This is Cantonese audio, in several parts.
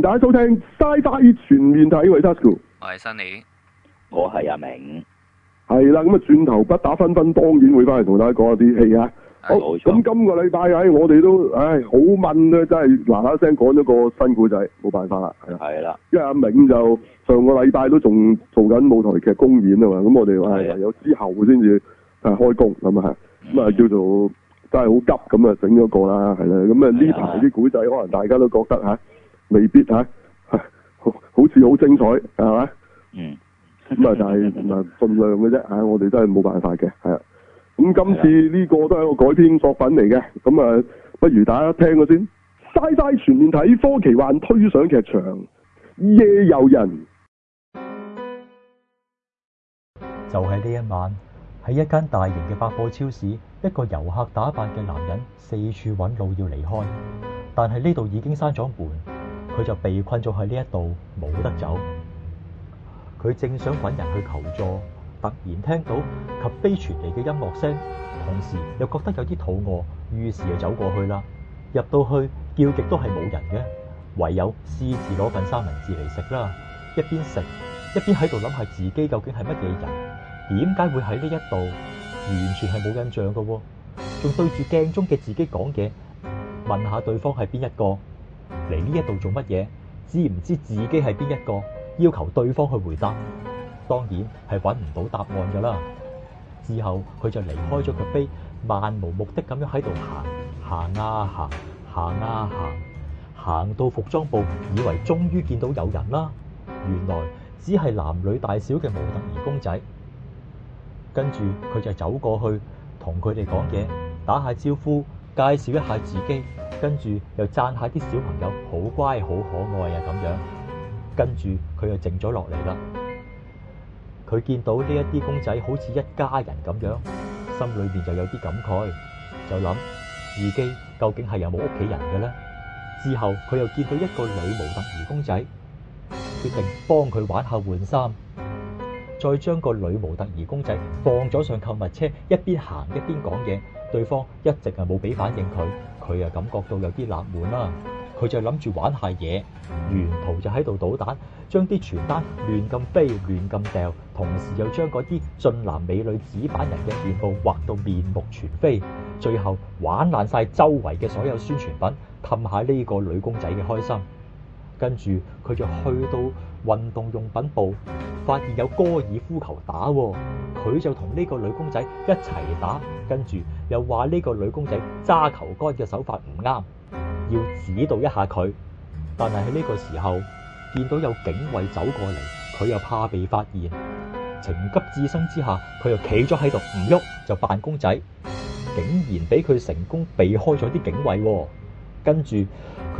大家收聽《Sci-Fi 全面睇》喂，Tasuku，我係 Sunny，我係阿明，係啦，咁啊，轉頭不打分分，當然會翻嚟同大家講下啲戲啊。好，咁今個禮拜啊，我哋都唉好悶啊，真係嗱嗱聲講咗個新古仔，冇辦法啦。係啦，因為阿明就上個禮拜都仲做緊舞台劇公演啊嘛，咁我哋話有之後先至啊開工咁啊，咁啊、嗯、叫做真係好急咁啊整咗個啦，係啦，咁啊呢排啲古仔可能大家都覺得吓。未必吓、啊，好好似好精彩，係嘛？嗯，咁啊，就係啊，盡量嘅啫。嚇、嗯，嗯嗯、我哋真係冇辦法嘅，係啊。咁今次呢個都係個改編作品嚟嘅，咁啊，不如大家聽咗先。Sci-Fi 全面睇《科奇幻推想劇場夜遊人》，就喺、是、呢一晚喺一間大型嘅百貨超市，一個遊客打扮嘅男人四處揾路要離開，但係呢度已經閂咗門。佢就被困咗喺呢一度，冇得走。佢正想揾人去求助，突然聽到及飛傳嚟嘅音樂聲，同時又覺得有啲肚餓，於是就走過去啦。入到去叫極都係冇人嘅，唯有私自攞份三文治嚟食啦。一邊食一邊喺度諗下自己究竟係乜嘢人，點解會喺呢一度？完全係冇印象嘅。仲對住鏡中嘅自己講嘢，問下對方係邊一個。嚟呢一度做乜嘢？知唔知自己係邊一個？要求對方去回答，當然係搵唔到答案噶啦。之後佢就離開咗個碑，漫無目的咁樣喺度行，行啊行，行啊行，行到服裝部，以為終於見到有人啦。原來只係男女大小嘅模特兒公仔。跟住佢就走過去同佢哋講嘢，打下招呼，介紹一下自己。跟住又讚下啲小朋友好乖好可愛啊！咁樣跟住佢又靜咗落嚟啦。佢見到呢一啲公仔好似一家人咁樣，心裏邊就有啲感慨，就諗自己究竟係有冇屋企人嘅咧。之後佢又見到一個女模特兒公仔，決定幫佢玩下換衫，再將個女模特兒公仔放咗上購物車，一邊行一邊講嘢，對方一直係冇俾反應佢。佢又感覺到有啲納悶啦，啊，佢就諗住玩下嘢，沿途就喺度搗蛋，將啲傳單亂咁飛、亂咁掉，同時又將嗰啲俊男美女紙板人嘅面部畫到面目全非，最後玩爛晒周圍嘅所有宣傳品，氹下呢個女公仔嘅開心，跟住佢就去到。運動用品部發現有高爾夫球打喎，佢就同呢個女公仔一齊打，跟住又話呢個女公仔揸球杆嘅手法唔啱，要指導一下佢。但係喺呢個時候見到有警衛走過嚟，佢又怕被發現，情急智生之下，佢又企咗喺度唔喐就扮公仔，竟然俾佢成功避開咗啲警衛喎，跟住。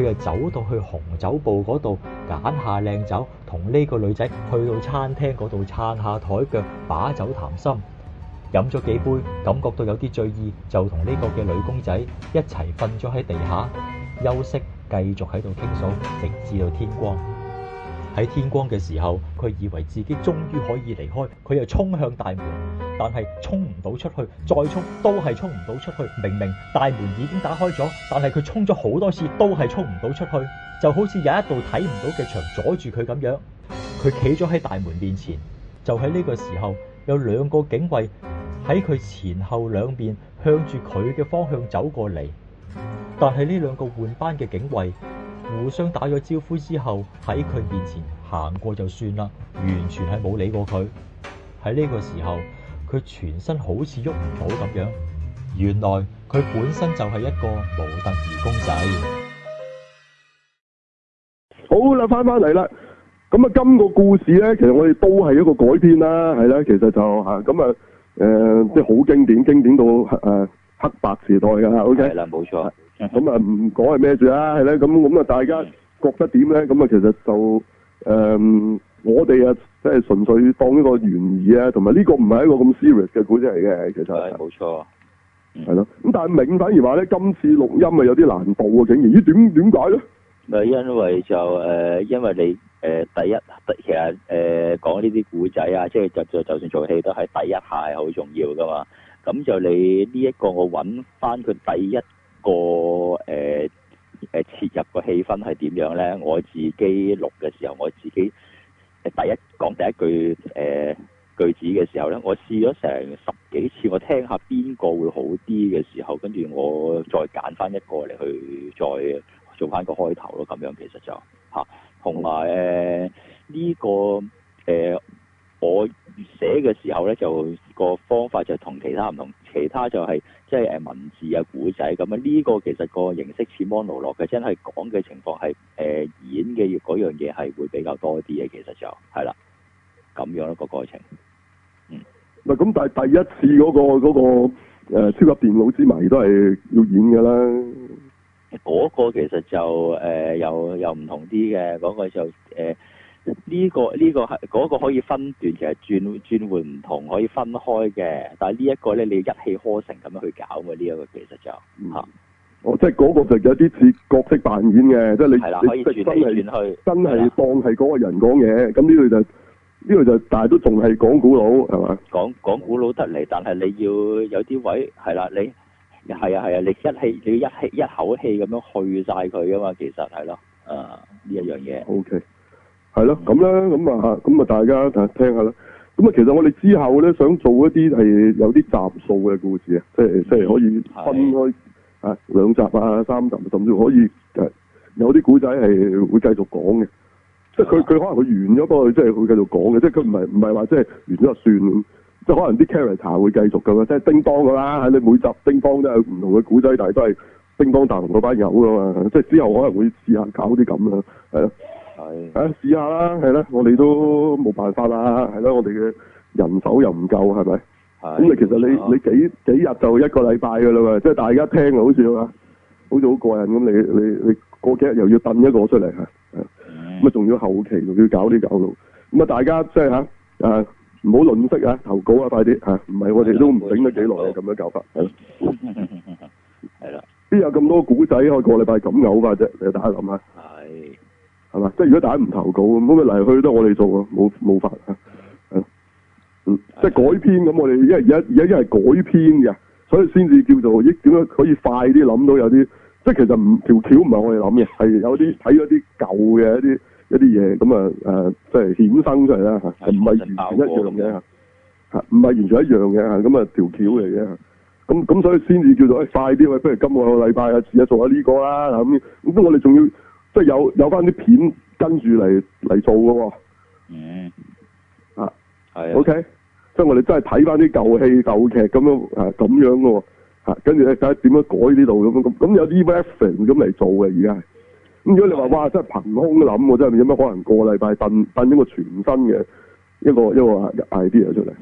佢又走到去紅酒部嗰度揀下靚酒，同呢個女仔去到餐廳嗰度撐下台腳，把酒談心，飲咗幾杯，感覺到有啲醉意，就同呢個嘅女公仔一齊瞓咗喺地下休息，繼續喺度傾訴，直至到天光。喺天光嘅時候，佢以為自己終於可以離開，佢又衝向大門。但係衝唔到出去，再衝都係衝唔到出去。明明大門已經打開咗，但係佢衝咗好多次都係衝唔到出去，就好似有一道睇唔到嘅牆阻住佢咁樣。佢企咗喺大門面前，就喺呢個時候有兩個警衛喺佢前後兩邊向住佢嘅方向走過嚟。但係呢兩個換班嘅警衛互相打咗招呼之後，喺佢面前行過就算啦，完全係冇理過佢。喺呢個時候。佢全身好似喐唔到咁樣，原來佢本身就係一個模特兒公仔。好啦，翻返嚟啦。咁啊，今個故事咧，其實我哋都係一個改編啦，係啦。其實就嚇咁啊，誒，即係好經典，經典到誒黑白時代嘅嚇。O K。係啦，冇錯。咁啊，唔講係咩住啦，係啦。咁咁啊，大家覺得點咧？咁啊，其實就誒。我哋啊，即係純粹當一個懸疑啊，同埋呢個唔係一個咁 serious 嘅故仔嚟嘅，其實係冇錯，係咯。咁、嗯、但係銘反而話咧，今次錄音啊有啲難度喎，竟然，咦點點解咧？咪因為就誒，因為你誒、呃、第一，其實誒、呃、講呢啲故仔啊，即係就就就算做戲都係第一下係好重要噶嘛。咁就你呢一個，我揾翻佢第一個誒誒切入個氣氛係點樣咧？我自己錄嘅時候，我自己。第一講第一句誒、欸、句子嘅時候咧，我試咗成十幾次，我聽下邊個會好啲嘅時候，跟住我再揀翻一個嚟去再做翻個開頭咯，咁樣其實就嚇，同埋誒呢個誒。欸我寫嘅時候咧，就個方法就同其他唔同，其他就係、是、即係誒文字啊、古仔咁，呢個其實個形式似摩羅羅嘅，真係講嘅情況係誒演嘅嗰樣嘢係會比較多啲嘅。其實就係啦，咁樣的一個過程。咁、嗯、但係第一次嗰、那個嗰、那個誒、那個呃、超級電腦之謎都係要演嘅啦。嗰、那個其實就誒、呃、又又唔同啲嘅，嗰、那個就誒。呃呢個呢個係嗰個可以分段，其實轉轉換唔同可以分開嘅。但係呢一個咧，你要一氣呵成咁樣去搞嘅呢一個其實就，嗯啊、哦，即係嗰個就有啲似角色扮演嘅、嗯，即係你，你可以轉你真去，真係當係嗰個人講嘢。咁呢度就呢度就，但係都仲係講古佬係嘛？講講古佬得嚟，但係你要有啲位係啦，你係啊係啊，你一氣你要一氣一口氣咁樣去晒佢㗎嘛，其實係咯，啊呢一樣嘢。O K。係咯，咁啦咁啊，咁啊，大家睇聽下啦。咁啊，其實我哋之後咧，想做一啲係有啲集數嘅故事啊，即係即係可以分開啊兩集啊、三集，甚至可以誒有啲古仔係會繼續講嘅。即係佢佢可能佢完咗過去，即係會繼續講嘅。即係佢唔係唔係話即係完咗就算，即係可能啲 character 會繼續嘅嘛。即係叮當㗎啦，你每集叮當都係唔同嘅古仔，但係都係叮當大雄班友嘅嘛。即係之後可能會試下搞啲咁啊，係咯。係啊，試下啦，係咯，我哋都冇辦法啦，係咯，我哋嘅人手又唔夠，係咪？咁啊，其實你你幾幾日就一個禮拜㗎啦喎，即係大家聽好似啊，好似好過癮咁，你你你，你過幾日又要揼一個出嚟嚇，咁啊，仲要後期仲要搞啲搞路，咁啊，大家即係嚇啊，唔好吝嗇啊，投稿啊，快啲嚇，唔、啊、係我哋都唔整得幾耐咁樣搞法係咯。啦。邊、okay。嗯、 有咁多古仔可以個禮拜咁牛㗎啫？你大家諗下。係。係嘛？即係如果大家唔投稿咁，咁咪嚟去都我哋做啊，冇冇法即係改編咁，我哋因為而家而家因為改編嘅，所以先至叫做依點可以快啲諗到有啲，即係其實唔條橋唔係我哋諗嘅，係有啲睇咗啲舊嘅一啲一啲嘢，咁啊誒，即係衍生出嚟啦吓，唔係完全一樣嘅吓，唔係完全一樣嘅吓，咁啊條橋嚟嘅，咁咁所以先至叫做誒、哎、快啲喂，不如今個禮拜啊，試下做下呢個啦咁，咁我哋仲要。即係有有翻啲片跟住嚟嚟做嘅喎、哦，嗯，啊，係、嗯，OK，即係我哋真係睇翻啲舊戲舊劇咁樣啊咁樣嘅喎、哦，跟住咧睇下點樣改呢度咁樣咁，咁有啲 reference 咁嚟做嘅而家。咁如果你話、嗯、哇真係憑空諗喎，真係有咩可能個禮拜燉燉咗個全新嘅？一個一個 idea 出嚟，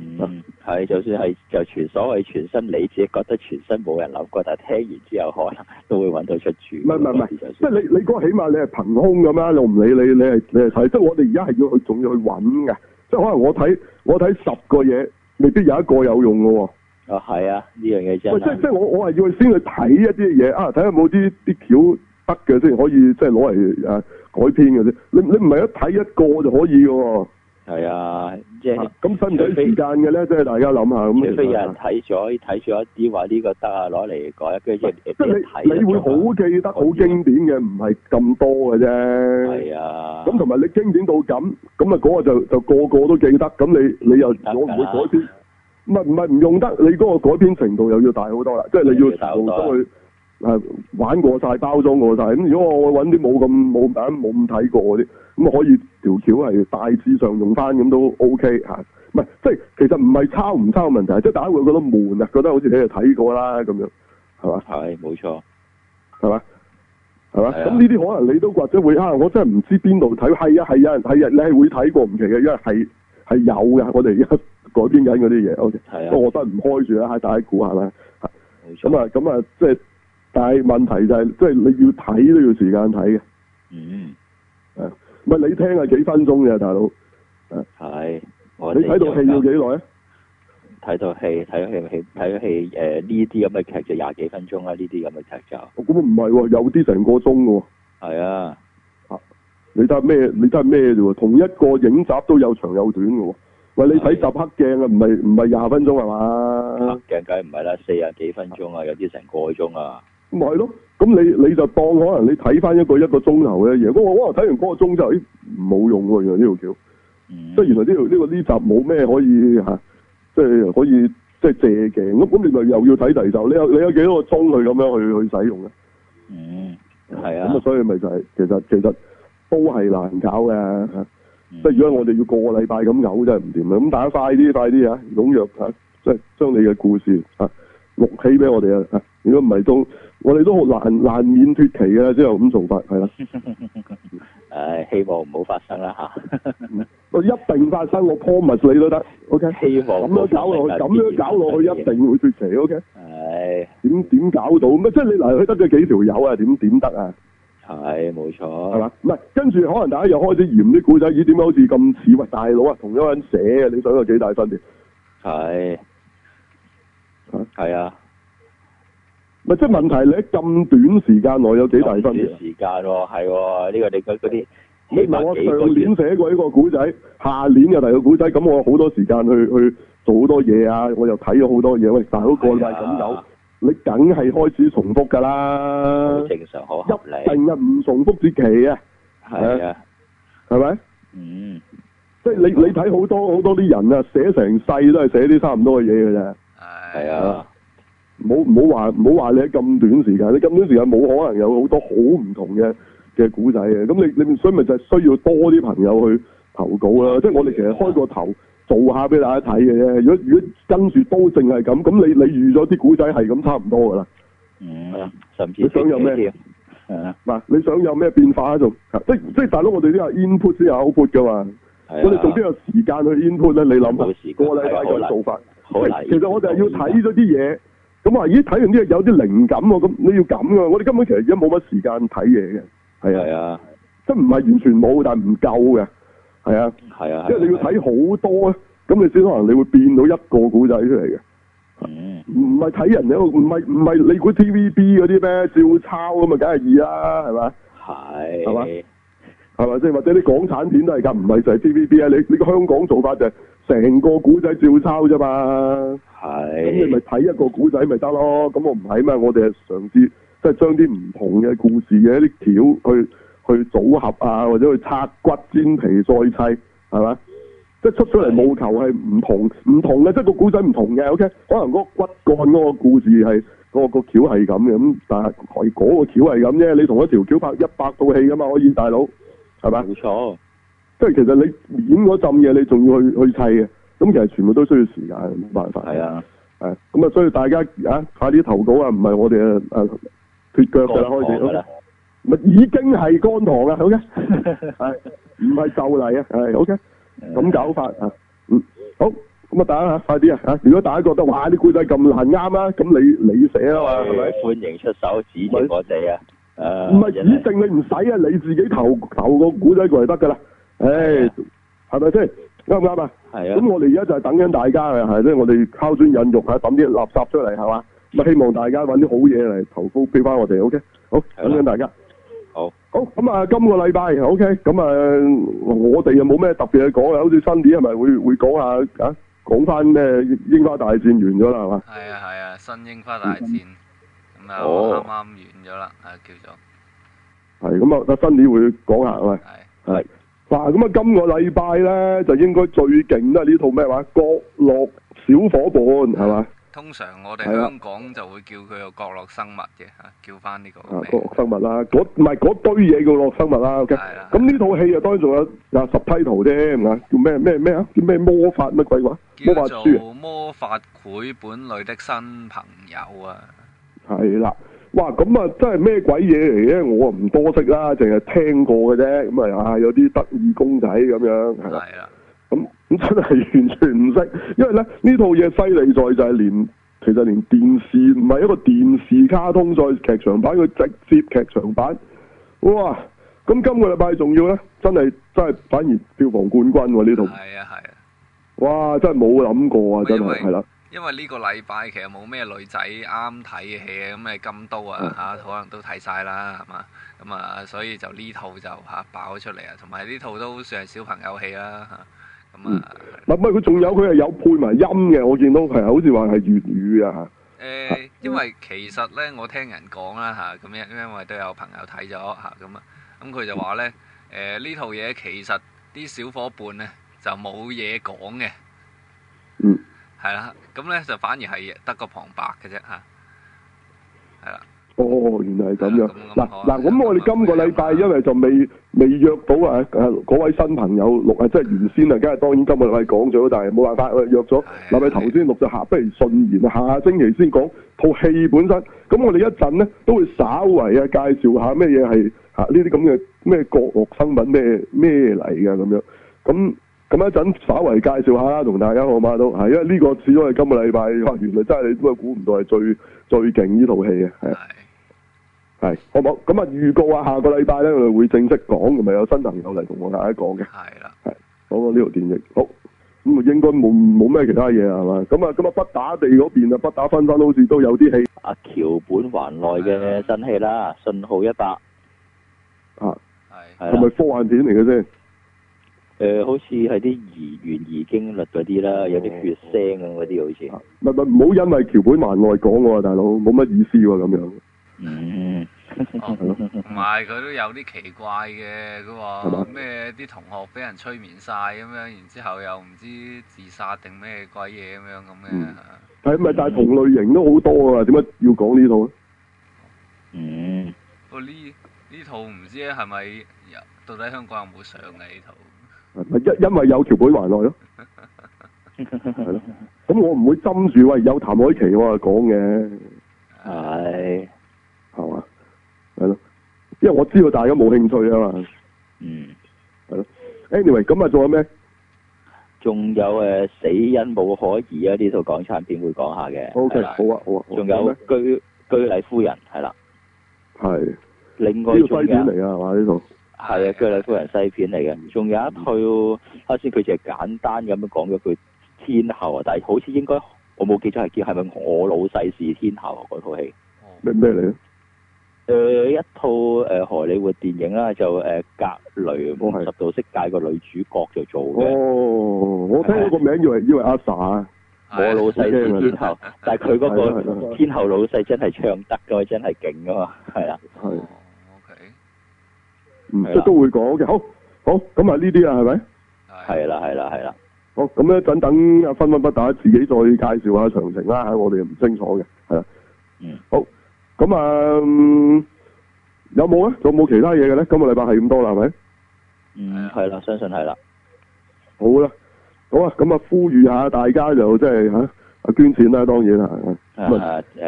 係、嗯、就算係就全所謂全新你自己覺得全新冇人諗過，但係聽完之後可能都會搵到出處。唔係唔係唔係，即係你你嗰個起碼你係憑空咁啊，我唔理你，你係你係睇，即係我哋而家係要去仲要去搵㗎。即係可能我睇我睇十個嘢，未必有一個有用嘅、哦啊。啊，係啊，呢樣嘢真係。即係即係我我係要去先去睇一啲嘢啊，睇下有冇啲啲橋得嘅先可以即係攞嚟啊改編嘅啫。你你唔係一睇一個就可以喎。係啊，即係咁分唔到時間嘅咧，即係、即係、大家諗下咁。除非有人睇咗睇咗一啲話呢個得啊，攞嚟改，跟住即係。即、即係、你，你會好記得好經典嘅，唔係咁多嘅啫。係啊。咁同埋你經典到咁，咁啊嗰個就就個個都記得。咁你你又我唔會改編，唔係唔係唔用得？你嗰個改編程度又要大好多啦，即係你要全部都去、啊、玩過晒，包裝過晒。咁如果我揾啲冇咁冇咁冇咁睇過嗰啲。咁可以條橋係大致上用翻咁都 O K 嚇，唔係即係其實唔係抄唔抄問題，即係大家會覺得悶啊，覺得好似你哋睇過啦咁樣，係嘛？係冇錯，係嘛？係嘛？咁呢啲可能你都或者會啊，我真係唔知邊度睇，係啊係啊係啊，你係會睇過唔奇嘅，因為係係有嘅，我哋而家改編緊嗰啲嘢，O K。係啊。我覺得唔開住啦，大家估下啦。冇錯。咁啊咁啊，即係但係問題就係，即係你要睇都要時間睇嘅。嗯。唔係你聽啊幾分鐘嘅大佬？誒係，你睇套戲要幾耐啊？睇套戲睇套戲睇套戲，誒呢啲咁嘅劇就廿幾分鐘啊！呢啲咁嘅劇就……我估唔係喎，有啲成個鐘嘅喎。係啊！你得咩？你得咩啫喎？同一個影集都有長有短嘅喎。喂，你睇集黑鏡啊？唔係唔係廿分鐘係嘛？黑鏡梗係唔係啦？四廿幾分鐘啊，有啲成個鐘啊。咪係咯。咁你你就當可能你睇翻一個一個鐘頭嘅嘢，咁我哇睇完嗰個鐘之後，咦冇用喎、嗯！原來呢條橋，即係原來呢條呢個呢集冇咩可以嚇，即、啊、係、就是、可以即係、就是、借鏡咁。咁你咪又要睇第二集？你有你有幾多個鐘去咁樣去去使用咧？嗯，係啊。咁啊，所以咪就係、是、其實其實都係難搞嘅即係如果我哋要個禮拜咁嘔，真係唔掂啊！咁大家快啲快啲啊，踴躍嚇，即係將你嘅故事嚇、啊、錄起俾我哋啊！如果唔係都。我哋都好難難免脫期啊，之後咁做法係啦。誒， 希望唔好發生啦吓。我 一定發生，我 promise 你都得。O K。希望咁樣搞落去，咁樣搞落去，一定會脫期。Okay？係。點點搞到？咩即係你嗱？佢得咗幾條友啊？點點得啊？係，冇錯。係嘛？唔係，跟住可能大家又開始嫌啲古仔，咦？點解好似咁似？喂，大佬啊，同一個人寫啊，你想有幾大分別？係。吓？係啊。咪即係問題，你喺咁短時間內有幾大分別？時間喎、啊，係喎、哦，呢、這個你嗰嗰啲。你問我上年寫過呢個古仔，下年又第個古仔，咁我好多時間去去做好多嘢啊！我又睇咗好多嘢。喂、那個，大佬、啊，嗰個咁有，你梗係開始重複㗎啦。正常，好。入嚟。成日唔重複至奇啊。係啊。係咪？嗯。即、就、係、是、你你睇好多好多啲人多啊，寫成世都係寫啲差唔多嘅嘢㗎啫。係。係啊。唔好唔好話唔好話，你喺咁短時間，你咁短時間冇可能有好多好唔同嘅嘅古仔嘅。咁你你所以咪就係需要多啲朋友去投稿啦。即係我哋其實開個頭做下俾大家睇嘅啫。如果如果跟住都淨係咁，咁你你預咗啲古仔係咁差唔多㗎啦。嗯，甚至你想有咩？係啊，嗱，你想有咩變化喺度？即即係大佬，我哋都有 input 先有 output 㗎嘛。係啊。我哋仲邊有時間去 input 咧？你諗下。過個禮拜再做法。好，其實我哋係要睇咗啲嘢。咁啊！咦，睇完呢個有啲靈感喎，咁你要咁啊，我哋根本其實而家冇乜時間睇嘢嘅。係啊係啊，即係唔係完全冇，但係唔夠嘅。係啊係啊，啊你要睇好多，咁、啊啊、你先可能你會變到一個古仔出嚟嘅。唔係睇人咧，唔係唔係你估 TVB 嗰啲咩照抄咁嘛、啊，梗係易啦，係咪、啊？係咪、啊？嘛？係咪？即係或者啲港產片都係㗎，唔係就係 TVB 啊！你你個香港做法就係。成個古仔照抄啫嘛，咁你咪睇一個古仔咪得咯。咁我唔係嘛，我哋係嘗試即係、就是、將啲唔同嘅故事嘅一啲橋去去組合啊，或者去拆骨煎皮再砌，係嘛？即係出出嚟務求係唔同唔同嘅，即係個古仔唔同嘅。OK，可能嗰個骨幹嗰個故事係、那個事是、那個橋係咁嘅，咁但係係嗰個橋係咁啫。你同一條橋拍一百套戲噶嘛，可以大佬係咪？冇錯。即係其實你演嗰陣嘢，你仲要去去砌嘅，咁其實全部都需要時間，冇辦法。係啊，誒，咁啊，所以大家啊，快啲投稿不是啊，唔係我哋啊脫腳噶啦，開始，咪、okay? 已經係乾塘啊，好嘅，係，唔係就例啊，係，ok 咁搞法啊，嗯，好，咁啊，大家啊，快啲啊，吓，如果大家覺得哇啲古仔咁難啱啊，咁你你寫啊嘛，係咪？歡迎出手指點我哋啊，誒，唔係指正你唔使啊，你自己投投個古仔過嚟就得噶啦。唉、hey，係咪先啱唔啱啊？係啊。咁我哋而家就係等緊大家嘅，係即係我哋敲磚引玉吓，抌啲垃圾出嚟係嘛，咁、嗯、希望大家揾啲好嘢嚟投稿俾翻我哋。O、okay? K，好等緊大家。好。好咁啊，今個禮拜 O K，咁啊，我哋又冇咩特別嘅講啊，好似新年係咪會會講下啊？講翻咩櫻花大戰完咗啦，係嘛？係啊係啊，新櫻花大戰咁啊，好、嗯，啱啱完咗啦、哦，叫做。係咁啊！新年會講下係嘛？係。嗱咁啊，今個禮拜咧就應該最勁啦！呢套咩話《角落小伙伴》係嘛？通常我哋香港、啊、就會叫佢個角落生物嘅吓，叫翻呢個。角、啊、落生物啦、啊，嗰唔係嗰堆嘢叫落生物啦。OK，咁呢套戲啊，okay? 是啊啊戲當然仲有嗱十批圖添，唔叫咩咩咩啊？叫咩魔法乜鬼話、啊？叫做魔法繪、啊、本裡的新朋友啊，係啦、啊。哇，咁啊，真係咩鬼嘢嚟咧？我唔多識啦，淨係聽過嘅啫。咁啊，啊有啲得意公仔咁樣，係啦。咁咁、嗯嗯、真係完全唔識，因為咧呢套嘢犀利在就係、是、連，其實連電視唔係一個電視卡通再劇場版，佢直接劇場版。哇！咁、嗯、今個禮拜仲要咧，真係真係反而票房冠軍喎、啊、呢套。係啊係啊！哇，真係冇諗過啊，真係係啦。因為呢個禮拜其實冇咩女仔啱睇嘅戲，咁誒《金刀》啊嚇，可能都睇晒啦，係、嗯、嘛？咁啊，所以就呢套就嚇爆咗出嚟啊！同埋呢套都算係小朋友戲啦，嚇、嗯、咁啊。唔係唔係，佢仲有佢係有配埋音嘅，我見到佢好似話係粵語啊嚇、欸嗯。因為其實咧，我聽人講啦嚇，咁因因為都有朋友睇咗嚇，咁、嗯、啊，咁、嗯、佢就話咧，誒、呃、呢套嘢其實啲小夥伴咧就冇嘢講嘅。嗯。係啦，啊，咁咧就反而係得個旁白嘅啫嚇，係啦、啊。哦、oh，原嚟係咁樣。嗱嗱，咁、啊、我哋今個禮拜因為就未未、啊、約到啊嗰位新朋友錄啊，即、就、係、是、原先啊，梗係當然今日我哋講咗，但係冇辦法我約咗。嗱、啊，咪頭先錄咗下，不如順延啊，下星期先講套戲本身。咁我哋一陣咧都會稍微啊介紹一下咩嘢係嚇呢啲咁嘅咩角落生物咩咩嚟嘅咁樣咁。咁一陣稍為介紹下啦，同大家好嘛都，係因為呢個始終係今個禮拜原來啦，真係你都係估唔到係最最勁呢套戲係係好唔好？咁啊預告啊，下個禮拜咧我哋會正式講，同埋有新朋友嚟同我大家講嘅，係啦，係講呢套電影，好咁啊，應該冇冇咩其他嘢係嘛？咁啊，咁啊不打地嗰邊啊，不打分分，好似都有啲戲，阿橋本環奈嘅新戲啦，《信號一百》，啊係係係咪科幻片嚟嘅先？誒、呃，好似係啲疑懸疑驚慄嗰啲啦，有啲血腥啊嗰啲，好似唔唔唔好因為橋本萬外講喎、啊，大佬冇乜意思喎、啊、咁樣。嗯，哦，係唔係佢都有啲奇怪嘅，佢話咩啲同學俾人催眠晒咁樣，然之後又唔知自殺定咩鬼嘢咁樣咁嘅。係咪？但係同類型都好多啊，點解要講呢套？嗯。哦，呢呢套唔知係咪？到底香港有冇上嘅呢套？因因為有橋本環奈咯，係 咯，咁我唔會針住喂有譚凱琪我係講嘅，係，係嘛，係咯，因為我知道大家冇興趣啊嘛，嗯，係咯，anyway 咁啊，仲有咩？仲有誒，死因冇可疑啊，呢套港產片會講下嘅，O K 好啊好啊，仲、啊啊、有居居禮夫人係啦，係，另外呢個西片嚟嘛呢係啊，居禮夫人西片嚟嘅，仲有一套。啱先佢就係簡單咁樣講咗句天后啊，但係好似應該我冇記錯係叫係咪我老細係天后啊嗰套戲？咩咩嚟咧？誒、呃、一套誒荷里活電影啦，就誒格、呃、雷五十度色戒個女主角就做嘅。哦，的我聽個名字以為以為阿 sa 我老細係、okay、天后，天后 但係佢嗰個天后老細真係唱得㗎真係勁㗎嘛，係啊。係。嗯，即都會講嘅，okay. 好，好，咁啊呢啲啊係咪？係啦，係啦，係啦。好，咁咧等等啊，分分不打，自己再介紹下詳情啦。我哋唔清楚嘅，係啦。嗯，好，咁啊，有冇咧？仲有冇其他嘢嘅咧？今日禮拜係咁多啦，係咪？嗯，係啦、嗯，相信係啦。好啦，好啊，咁啊，呼籲下大家就即係吓啊捐錢啦，當然啊，啊，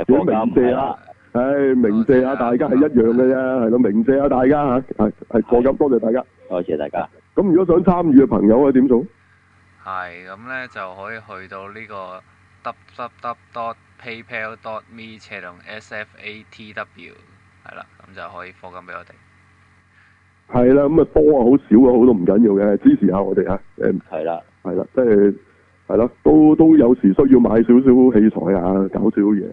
好明確。啊唉、哎，鳴謝啊大家係一樣嘅啫，係、嗯、咯，鳴謝啊大家嚇，係係課金多謝大家，多謝大家。咁如果想參與嘅朋友啊，點、嗯、做？係咁咧，那就可以去到呢個 www.paypal.me 斜槓 sfatw 係啦，咁就可以課金俾我哋。係啦，咁啊多啊，好少啊，好多唔緊要嘅，支持一下我哋啊，誒係啦，係啦，即、係係、都都有時需要買少少器材啊，搞少嘢。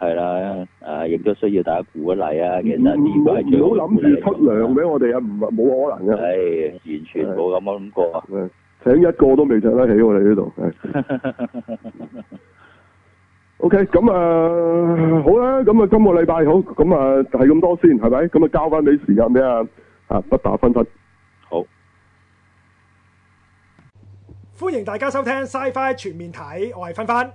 係啦，啊，亦都需要大家鼓勵啊。其實唔唔好諗住出糧俾我哋啊，唔冇可能嘅。係，完全冇咁樣諗過啊！請一個都未着得起我哋呢度。係。OK，咁啊，好啦，咁啊，今個禮拜好，咁啊，係咁多先，係咪？咁啊，交翻俾時間咩啊？啊，不打分分。好，歡迎大家收聽《Sci-Fi 全面睇》，我係芬芬。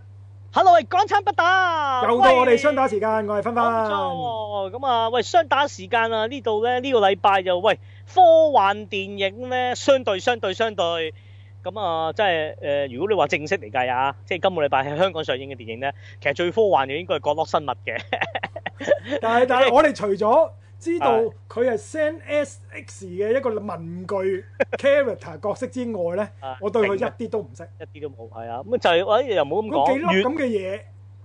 hello，喂，港產不打。又到我哋雙打時間，我係分分。咁、哦、啊、哦，喂，雙打時間啊，呢度咧，呢個禮拜就喂科幻電影咧，相對相對相對。咁啊，即係誒，如果你話正式嚟計啊，即係今個禮拜喺香港上映嘅電影咧，其實最科幻嘅應該係《角落生物》嘅。但係 但係，我哋除咗，知道佢係 San S X 嘅一個文具 character 角色之外咧，我對佢一啲都唔識， 一啲都冇。係啊，咁就誒、是哎、又唔好咁講。佢幾粒咁嘅嘢，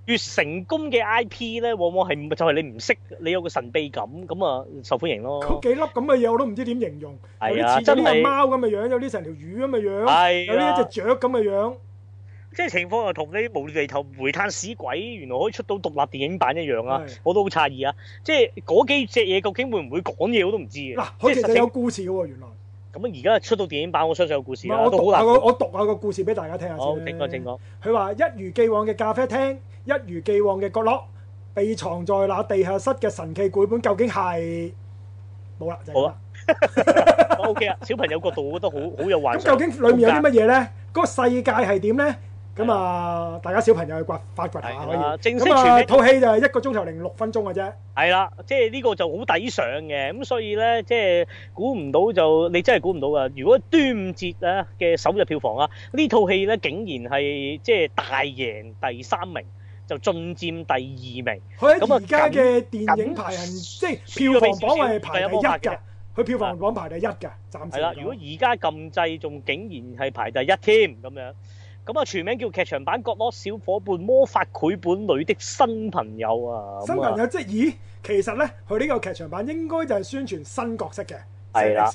越成功嘅 IP 咧，往往係就係、是、你唔識，你有個神秘感，咁啊受歡迎咯。佢幾粒咁嘅嘢我都唔知點形容，有啲似啲貓咁嘅、啊、樣，有啲成條魚咁嘅樣，有啲一隻雀咁嘅樣。即係情況又同啲無釐頭煤炭屎鬼，原來可以出到獨立電影版一樣啊！是我都好詫異啊！即係嗰幾隻嘢究竟會唔會講嘢，我都唔知嗱，其實，實有故事喎，原來。咁啊，而家出到電影版，我相信有故事我我讀，下，讀，我讀，下，個我讀下個故事俾大家聽下先。好、哦，正確正確。佢話一如既往嘅咖啡廳，一如既往嘅角落，被藏在那地下室嘅神奇繪本，究竟係冇啦，就係、是、啦。O K 啊，小朋友角度，我覺得好 好有幻想。那究竟裡面有啲乜嘢咧？嗰、那個世界係點咧？咁啊，大家小朋友去刮掘發掘下可以。正式全啊，套戲就係一個鐘頭零六分鐘嘅啫。係啦，即係呢個就好抵上嘅。咁所以咧，即係估唔到就你真係估唔到噶。如果端午節啊嘅首日票房啊，呢套戲咧竟然係即係大贏第三名，就進佔第二名。佢喺而家嘅電影排行，即係票房榜係排第一㗎。佢票房榜排第一㗎，暫時。係啦，如果而家咁滯仲竟然係排第一添，咁樣。咁啊，全名叫劇場版《角落小夥伴魔法繪本裏的新朋友》啊！啊新朋友即係，咦，其實咧佢呢個劇場版應該就係宣傳新角色嘅。係啦，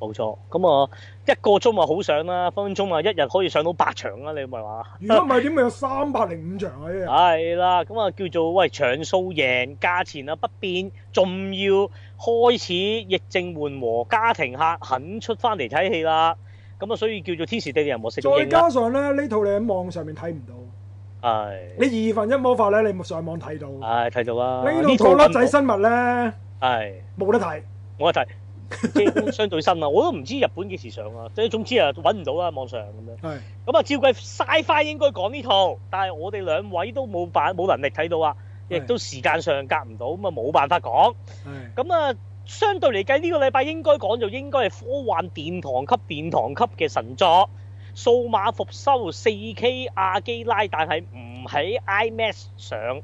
冇錯。咁啊，一個鐘啊好上啦，分分鐘啊一日可以上到八場啦、啊，你唔係話？而家唔係點？會有三百零五場啊！一係啦，咁啊叫做喂，搶數贏，價錢啊不變，仲要開始疫症緩和，家庭客肯出翻嚟睇戲啦。咁啊，所以叫做天時地利人和成。啊、再加上咧，呢套你喺網上面睇唔到。係。你二分一魔法咧，你上網睇到的的。係睇到啊，呢套《角落生物呢》咧。係。冇得睇。冇得睇，基本相對新啊！ 我都唔知日本幾時上啊！即係總之啊，揾唔到啦、啊，網上咁樣。係。咁啊，照計《Sci-Fi》應該講呢套，但係我哋兩位都冇辦冇能力睇到啊，亦都時間上隔唔到，咁啊冇辦法講。咁啊。相對嚟計，呢個禮拜應該講就應該係科幻殿堂級殿堂級嘅神作《數碼復修四 K 阿基拉》，但係唔喺 IMAX 上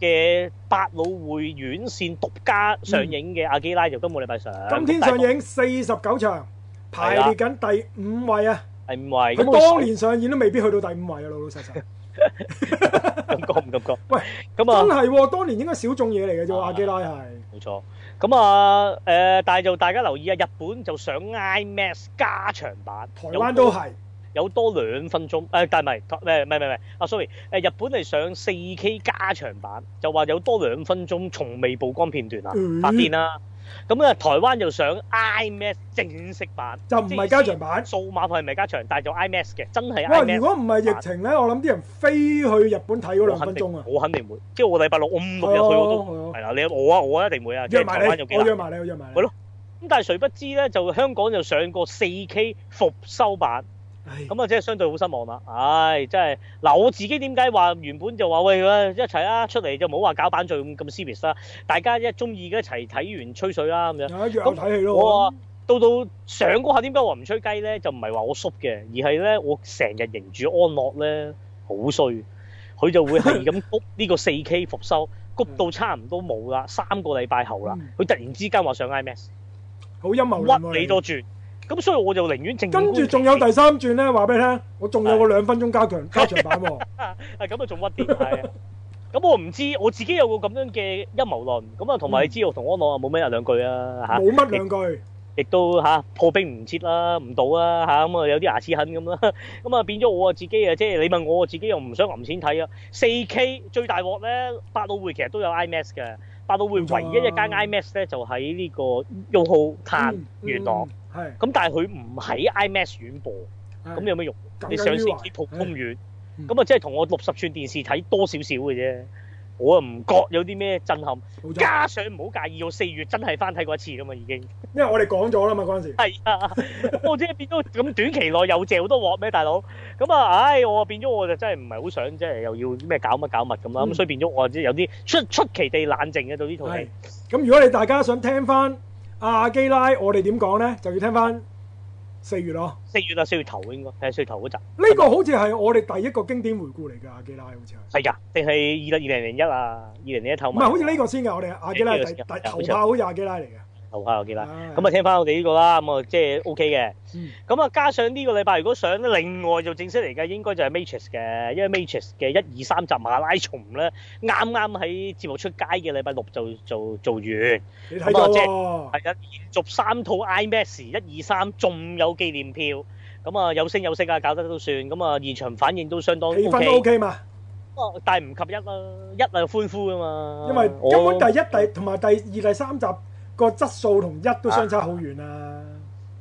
嘅百老匯院線獨家上映嘅《阿基拉》就、嗯、今個禮拜上，今天上映四十九場、啊，排列緊第五位啊，第五位，咁當年上映都未必去到第五位啊，老老實實。 感覺唔感覺， 喂，咁 啊，真係當年應該小眾嘢嚟嘅啫，阿、啊、基拉係，冇錯，咁啊，誒，大、啊呃、就大家留意啊，日本就上 IMAX 加長版，台灣都係有多兩分鐘，誒、啊，但係唔係，誒、啊，唔係唔係，sorry，誒，日本係上四 K 加長版，就話有多兩分鐘，從未曝光片段啊、嗯，發癲啦、啊！咁咧，台灣就上 IMAX 正式版，就唔係加長版。數碼係唔係加長，但係 IMAX 嘅，真係 IMAX。如果唔係疫情咧，我諗啲人飛去日本睇嗰兩分鐘啊，我肯定，我肯定會，即係我禮拜六五六日去我都係啦、哦哦。你我啊，我一定會啊，即係台灣又幾難。我約埋你，我約埋你。係咯，咁但係誰不知咧，就香港就上過 4K 復修版。咁啊， 就即係相對好失望啦！唉、哎，真係嗱，我自己點解話原本就話喂一齊啦、啊，出嚟就冇話搞版聚咁 serious 啦，大家一中意嘅一齊睇完吹水啦咁 樣，咁睇戲咯。 我話到到上嗰下點解我唔吹雞咧？就唔係話我縮嘅，而係咧我成日迎住安樂咧，好衰。佢就會係咁谷呢個四 K 復修，谷 到差唔多冇啦，三個禮拜後啦，佢 突然之間話上 IMAX，好陰謀、啊、屈你多住。」咁所以我就寧願靜觀。跟住仲有第三轉咧，話俾你聽，我仲有個兩分鐘加強加長版喎、啊。 係咁啊，仲屈啲。係啊，咁我唔知道，我自己有個咁樣嘅陰謀論。咁啊，同埋你知道同安樂啊，冇咩一兩句啊嚇。冇乜兩句、啊。亦都嚇、啊、破冰唔切啦，唔到啊嚇。咁啊，有啲牙齒痕咁啦。咁啊， 變咗我啊自己啊，即係你問我自己又唔想揞錢睇啊。四 K 最大鑊咧，百老匯其實都有 IMAX 嘅。百老匯唯一一間 IMAX 咧，啊、就喺呢個 Yoho Town 元朗。咁但係佢唔喺 IMAX 院播，咁有咩用？你上線啲普通院，咁、嗯、啊，即係同我六十寸電視睇多少少嘅啫。我啊唔覺有啲咩震撼。加上唔好介意，我四月真係翻睇過一次啦嘛，已經。因為我哋講咗啦嘛，嗰陣時。係啊， 我即係變咗咁短期內又借好多鑊咩，大佬？咁啊，唉、哎，我啊變咗我就真係唔係好想即係又要咩搞乜搞乜咁啦。咁、嗯、所以變咗我即係有啲出出奇地冷靜嘅對呢套戲。咁如果你大家想聽翻？阿基拉，我哋點講咧？就要聽翻四月咯，四月啊，四月頭應該係四月頭嗰集。呢個好似係我哋第一個經典回顧嚟噶，阿基拉好似係，係噶，定係二零二零零一啊，二零零一頭唔係，好似呢個先噶，我哋阿基拉第頭炮好似阿基拉嚟嘅。嗯流下又幾啦，咁啊聽翻我哋呢個啦，咁啊即係 OK 嘅，咁啊加上呢個禮拜如果想另外做正式嚟嘅，應該就係 Matrix 嘅，因為 Matrix 嘅一二三集馬拉松咧，啱啱喺節目出街嘅禮拜六就就做完，你睇多喎，係啊，連續三套 IMAX 一二三，仲有紀念票，咁啊有聲有色啊，搞得都算，咁啊現場反應都相當氣氛都 OK 嘛，哦，但係唔及一啦，一啊歡呼啊嘛，因為根本第一第同埋第二第三集。個質素同一都相差好遠啊,啊，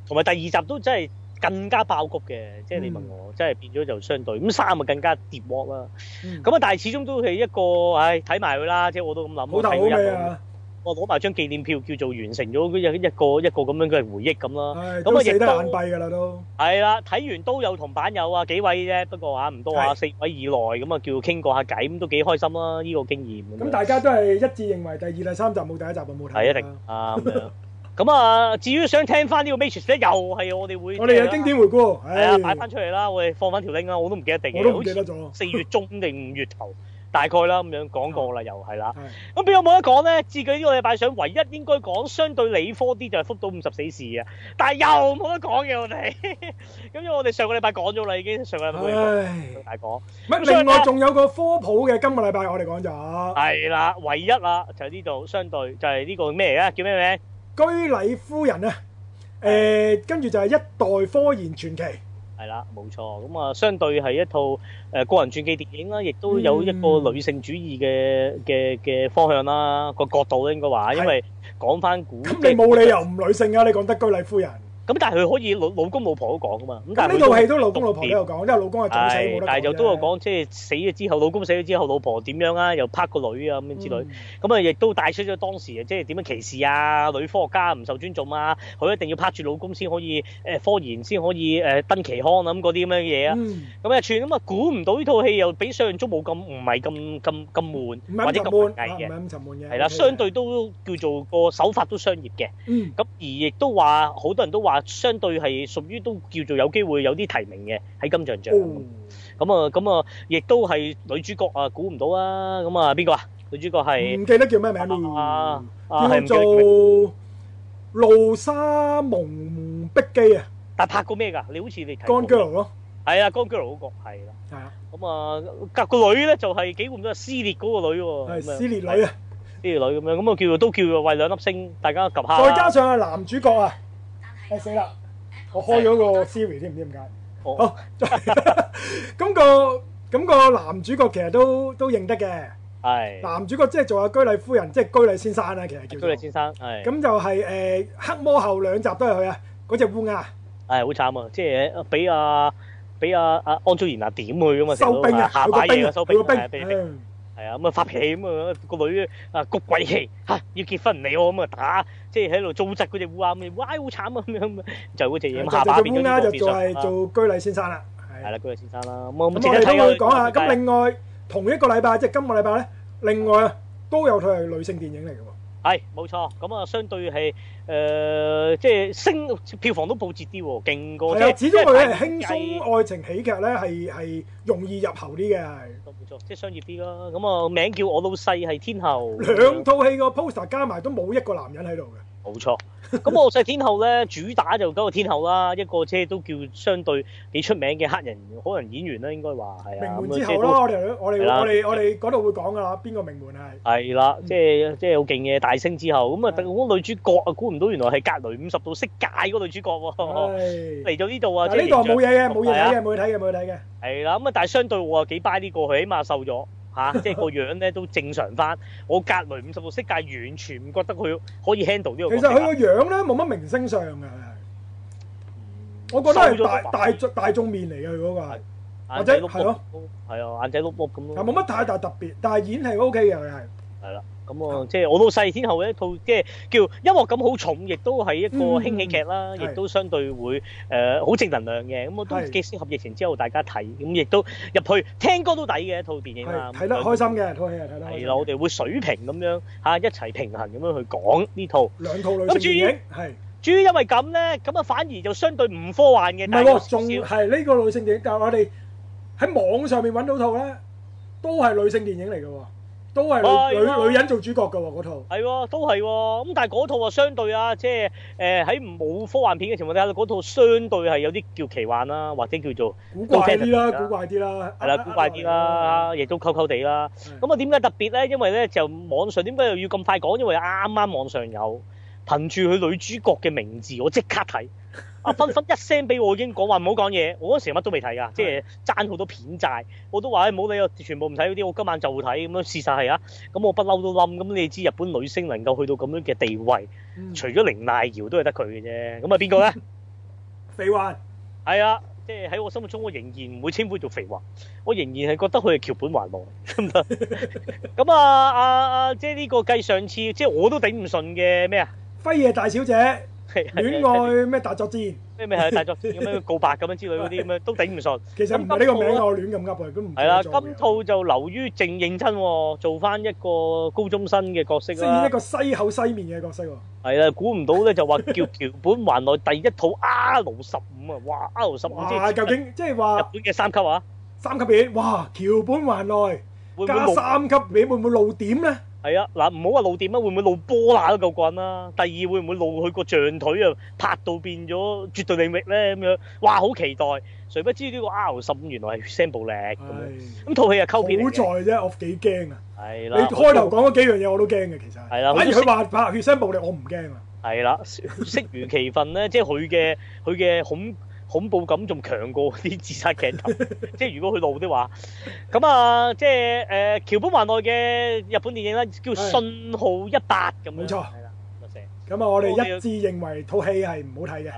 同埋第二集都真係更加爆谷嘅，即、嗯、係你問我，真係變咗就相對，咁三啊更加跌鑊啦，咁、嗯、啊但係始終都係一個，唉睇埋佢啦，即係我都咁諗、嗯。好睇好咩啊？我攞埋張紀念票，叫做完成咗一一個一個咁樣嘅回憶咁啦。咁啊，亦都眼閉噶啦都。係啦，睇完都和有同版友啊幾位啫，不過嚇、啊、唔多啊四位以內咁啊，叫傾過下偈咁都幾開心啦，呢、呢個經驗。咁大家都係一致認為第二、第二、第三集冇第一集咁冇睇一定 啊！咁啊，至於想聽翻呢個 Matrix 咧，又係我哋會我哋有經典回顧，係啊擺翻出嚟啦，我哋放翻條 link 啦，我都唔記得定，我都唔記得咗四月中定五月頭。 大概啦咁樣講過啦，又係啦。咁邊有冇得講咧？至於呢個禮拜想唯一應該講相對理科啲就係《福島五十死士》嘅，但係又冇得講嘅我哋。咁因為我哋上個禮拜講咗啦，已經上個禮拜大講。唔係，另外仲有個科普嘅，今個禮拜我哋講咗。係啦，唯一啦，就呢度相對就係呢個咩嚟啊？叫咩名？居禮夫人呀。誒，跟住就係一代科研傳奇。係啦，冇錯，咁啊，相對係一套誒個人傳記電影啦，亦都有一個女性主義嘅嘅嘅方向啦，個角度應該話，因為講翻古，咁、嗯、你冇理由唔女性㗎、啊，你講得居禮夫人。咁但係佢可以老老公、老婆都講噶嘛？咁但係呢套戲都老公、老婆都講，因為老公係早死，哎、但係就都有講，即係死咗之後，老公死咗之後，老婆點樣啊？又拍個女啊咁樣之類，咁啊亦都帶出咗當時即係點樣歧視啊？女科學家唔受尊重啊？佢一定要拍住老公先可以、呃、科研，先可以、呃、登期刊啊咁嗰啲咁樣嘅嘢啊。咁一串咁啊，估、嗯、唔到呢套戲又比上週冇咁唔係咁咁咁悶，或者咁、啊、沉悶嘅，係啦、嗯，相對都叫做個手法都商業嘅。咁、嗯、而亦都話好多人都話。相對係屬於都叫做有機會有啲提名嘅喺金像獎、哦嗯。咁啊，咁啊，亦都係女主角啊，估唔到啊。咁啊，邊個啊？女主角係唔記得叫咩名啊？啊，係做露莎、啊、蒙碧姬啊。但拍過咩噶？你好似你睇。《Gone Girl》咯。係啊，《Gone Girl》嗰個係啦。啊。咁、那個、啊，隔、嗯那個女咧就係幾估唔到，撕裂嗰個女喎。係撕裂女啊。撕裂女咁樣，咁啊，啊啊那個、叫都叫，叫為兩粒星，大家及下。再加上係男主角啊。誒死啦！我開咗個 Siri 添，唔知點解。好，咁、 咁個咁、咁個男主角其實都都認得嘅。係男主角即係做阿居禮夫人，即係居禮先生啊，其實叫。居禮先生係。咁就係、是、誒、呃，黑魔后兩集都係佢啊，嗰隻烏鴉。係、哎、好慘啊！即係俾阿俾阿阿安祖賢啊點佢噶嘛，收兵啊，個兵啊，收兵啊，收兵。啊咁，啊發脾氣咁啊個女啊谷鬼氣吓，要結婚唔理我咁，啊打，即係喺度糟質嗰隻烏鴉咁，哇好慘啊咁樣，就嗰隻嘢下下都係烏鴉，就做係做居禮先生啦，係啦居禮先生啦。咁我哋講下啊，咁另外同一個禮拜即係今個禮拜咧，另外都有佢係女性電影嚟嘅。係冇錯，咁啊相對係，誒、呃、即係升票房都暴跌啲喎，勁過、嗯、但係始終佢係輕鬆愛情喜劇咧，係係容易入喉啲嘅。都冇錯，即係商業啲啦。咁啊名叫我老細係天后，兩套戲個 poster 加埋都冇一個男人喺度嘅。冇錯，咁我老細係天后咧，主打就嗰個天后啦，一個即係都叫相對幾出名嘅黑人可能演員啦，應該話係啊。名門之後啦，我哋我哋我哋我哋嗰度會講噶啦，邊個名門啊？係係啦，即係即係好勁嘅大聲之後，咁啊，嗰個女主角啊，估唔到原來係格雷五十度色戒嗰個女主角喎。嚟到呢度啊，即係呢度冇嘢嘅，冇嘢嘅，冇去睇嘅，冇去睇嘅。係啦，咁啊，但係相對我啊幾 by 啲過去，起碼瘦咗。嚇、 啊，即係個樣咧都正常翻。我隔離五十度色戒，完全唔覺得佢可以 handle 呢個角色。其實佢個樣咧冇乜明星相嘅、嗯，我覺得係大大眾大，大眾面嚟嘅嗰個係，眼仔碌咯，係啊，眼仔碌碌咁咯。係冇乜太大特別，但係演係 OK 嘅佢係。係啦，咁我老細係天后嘅一套，即係叫音樂感好重，亦都係一個輕喜劇啦，亦都相對會誒好正能量嘅。咁我都幾適合疫情之後大家睇，咁亦都入去聽歌都抵嘅一套電影啊，睇得開心嘅，睇啊睇得。係咯，我哋會水平咁樣吓一齊平衡咁樣去講呢套兩套女性電影。係，主要因為咁咧，咁啊反而就相對唔科幻嘅，唔係喎，仲要係呢個女性電影，但係我哋喺網上面揾到套咧，都係女性電影嚟嘅。都係女係、啊、女，女人做主角噶喎，嗰套係喎、啊，都係喎。咁但係嗰套啊，套相對啊，即係誒喺冇科幻片嘅情況底下，嗰套相對係有啲叫奇幻啦、啊，或者叫做古怪啲啦，古怪啲啦，係啦，古怪啲啦，亦、啊啊啊啊、都溝溝地啦。咁啊，點解特別咧？因為咧就網上點解又要咁快講？因為啱啱網上有，憑住佢女主角嘅名字，我即刻睇。 啊！分分一聲俾我，已經講話唔好講嘢。我嗰陣時乜都未睇噶，即係爭好多片債。我都話：唔、哎、好理啊！全部唔睇嗰啲，我今晚就會睇咁樣事實係啊！咁我不嬲都冧。咁你知日本女星能夠去到咁樣嘅地位，嗯、除咗綾瀨遙都係得佢嘅啫。咁啊，邊個咧？肥華，係啊！即係喺我心目中我仍然唔會，我仍然唔會稱呼做肥華，我仍然係覺得佢係橋本環奈。得 咁 啊啊啊！即係呢個計上次，即係我都頂唔順嘅咩啊？輝夜大小姐。戀愛咩大作之咩咩係大作有咩告白咁樣之類嗰啲咁樣都頂唔順。其實唔係呢個名啊，我亂咁噏嚟，都唔係啦。今套就流於正認真，做翻一個高中生嘅角色啦。一個西口西面嘅角色喎。係啦，估唔到咧，就話叫橋本環奈第一套 R 十五啊！哇，R 十五哇，究竟即係話日本嘅三級啊？三級片哇，橋本環奈會唔會三級片會唔會露點咧？係啊，嗱，唔好話露點啊，會唔會露波啦？嗰嚿棍啊，第二會唔會露佢個象腿啊？拍到變咗絕對領域咧咁樣，哇！好期待。誰不知呢個 R 十五原來係血腥暴力咁，咁套戲係溝片嚟嘅。好在啫，我幾驚啊！係啦，你開頭講嗰幾樣嘢我都驚嘅，其實係啦。反而，佢話拍血腥暴力，我唔驚啊。係啦，適如其分咧， 即係佢嘅佢嘅恐。恐怖感仲強過啲自殺劇頭， 即係如果去路的話，咁啊，即係誒、呃、橋本環奈嘅日本電影咧，叫《信號100》咁樣。冇錯。係喇，多謝。咁啊，我哋一致認為套戲係唔好睇嘅。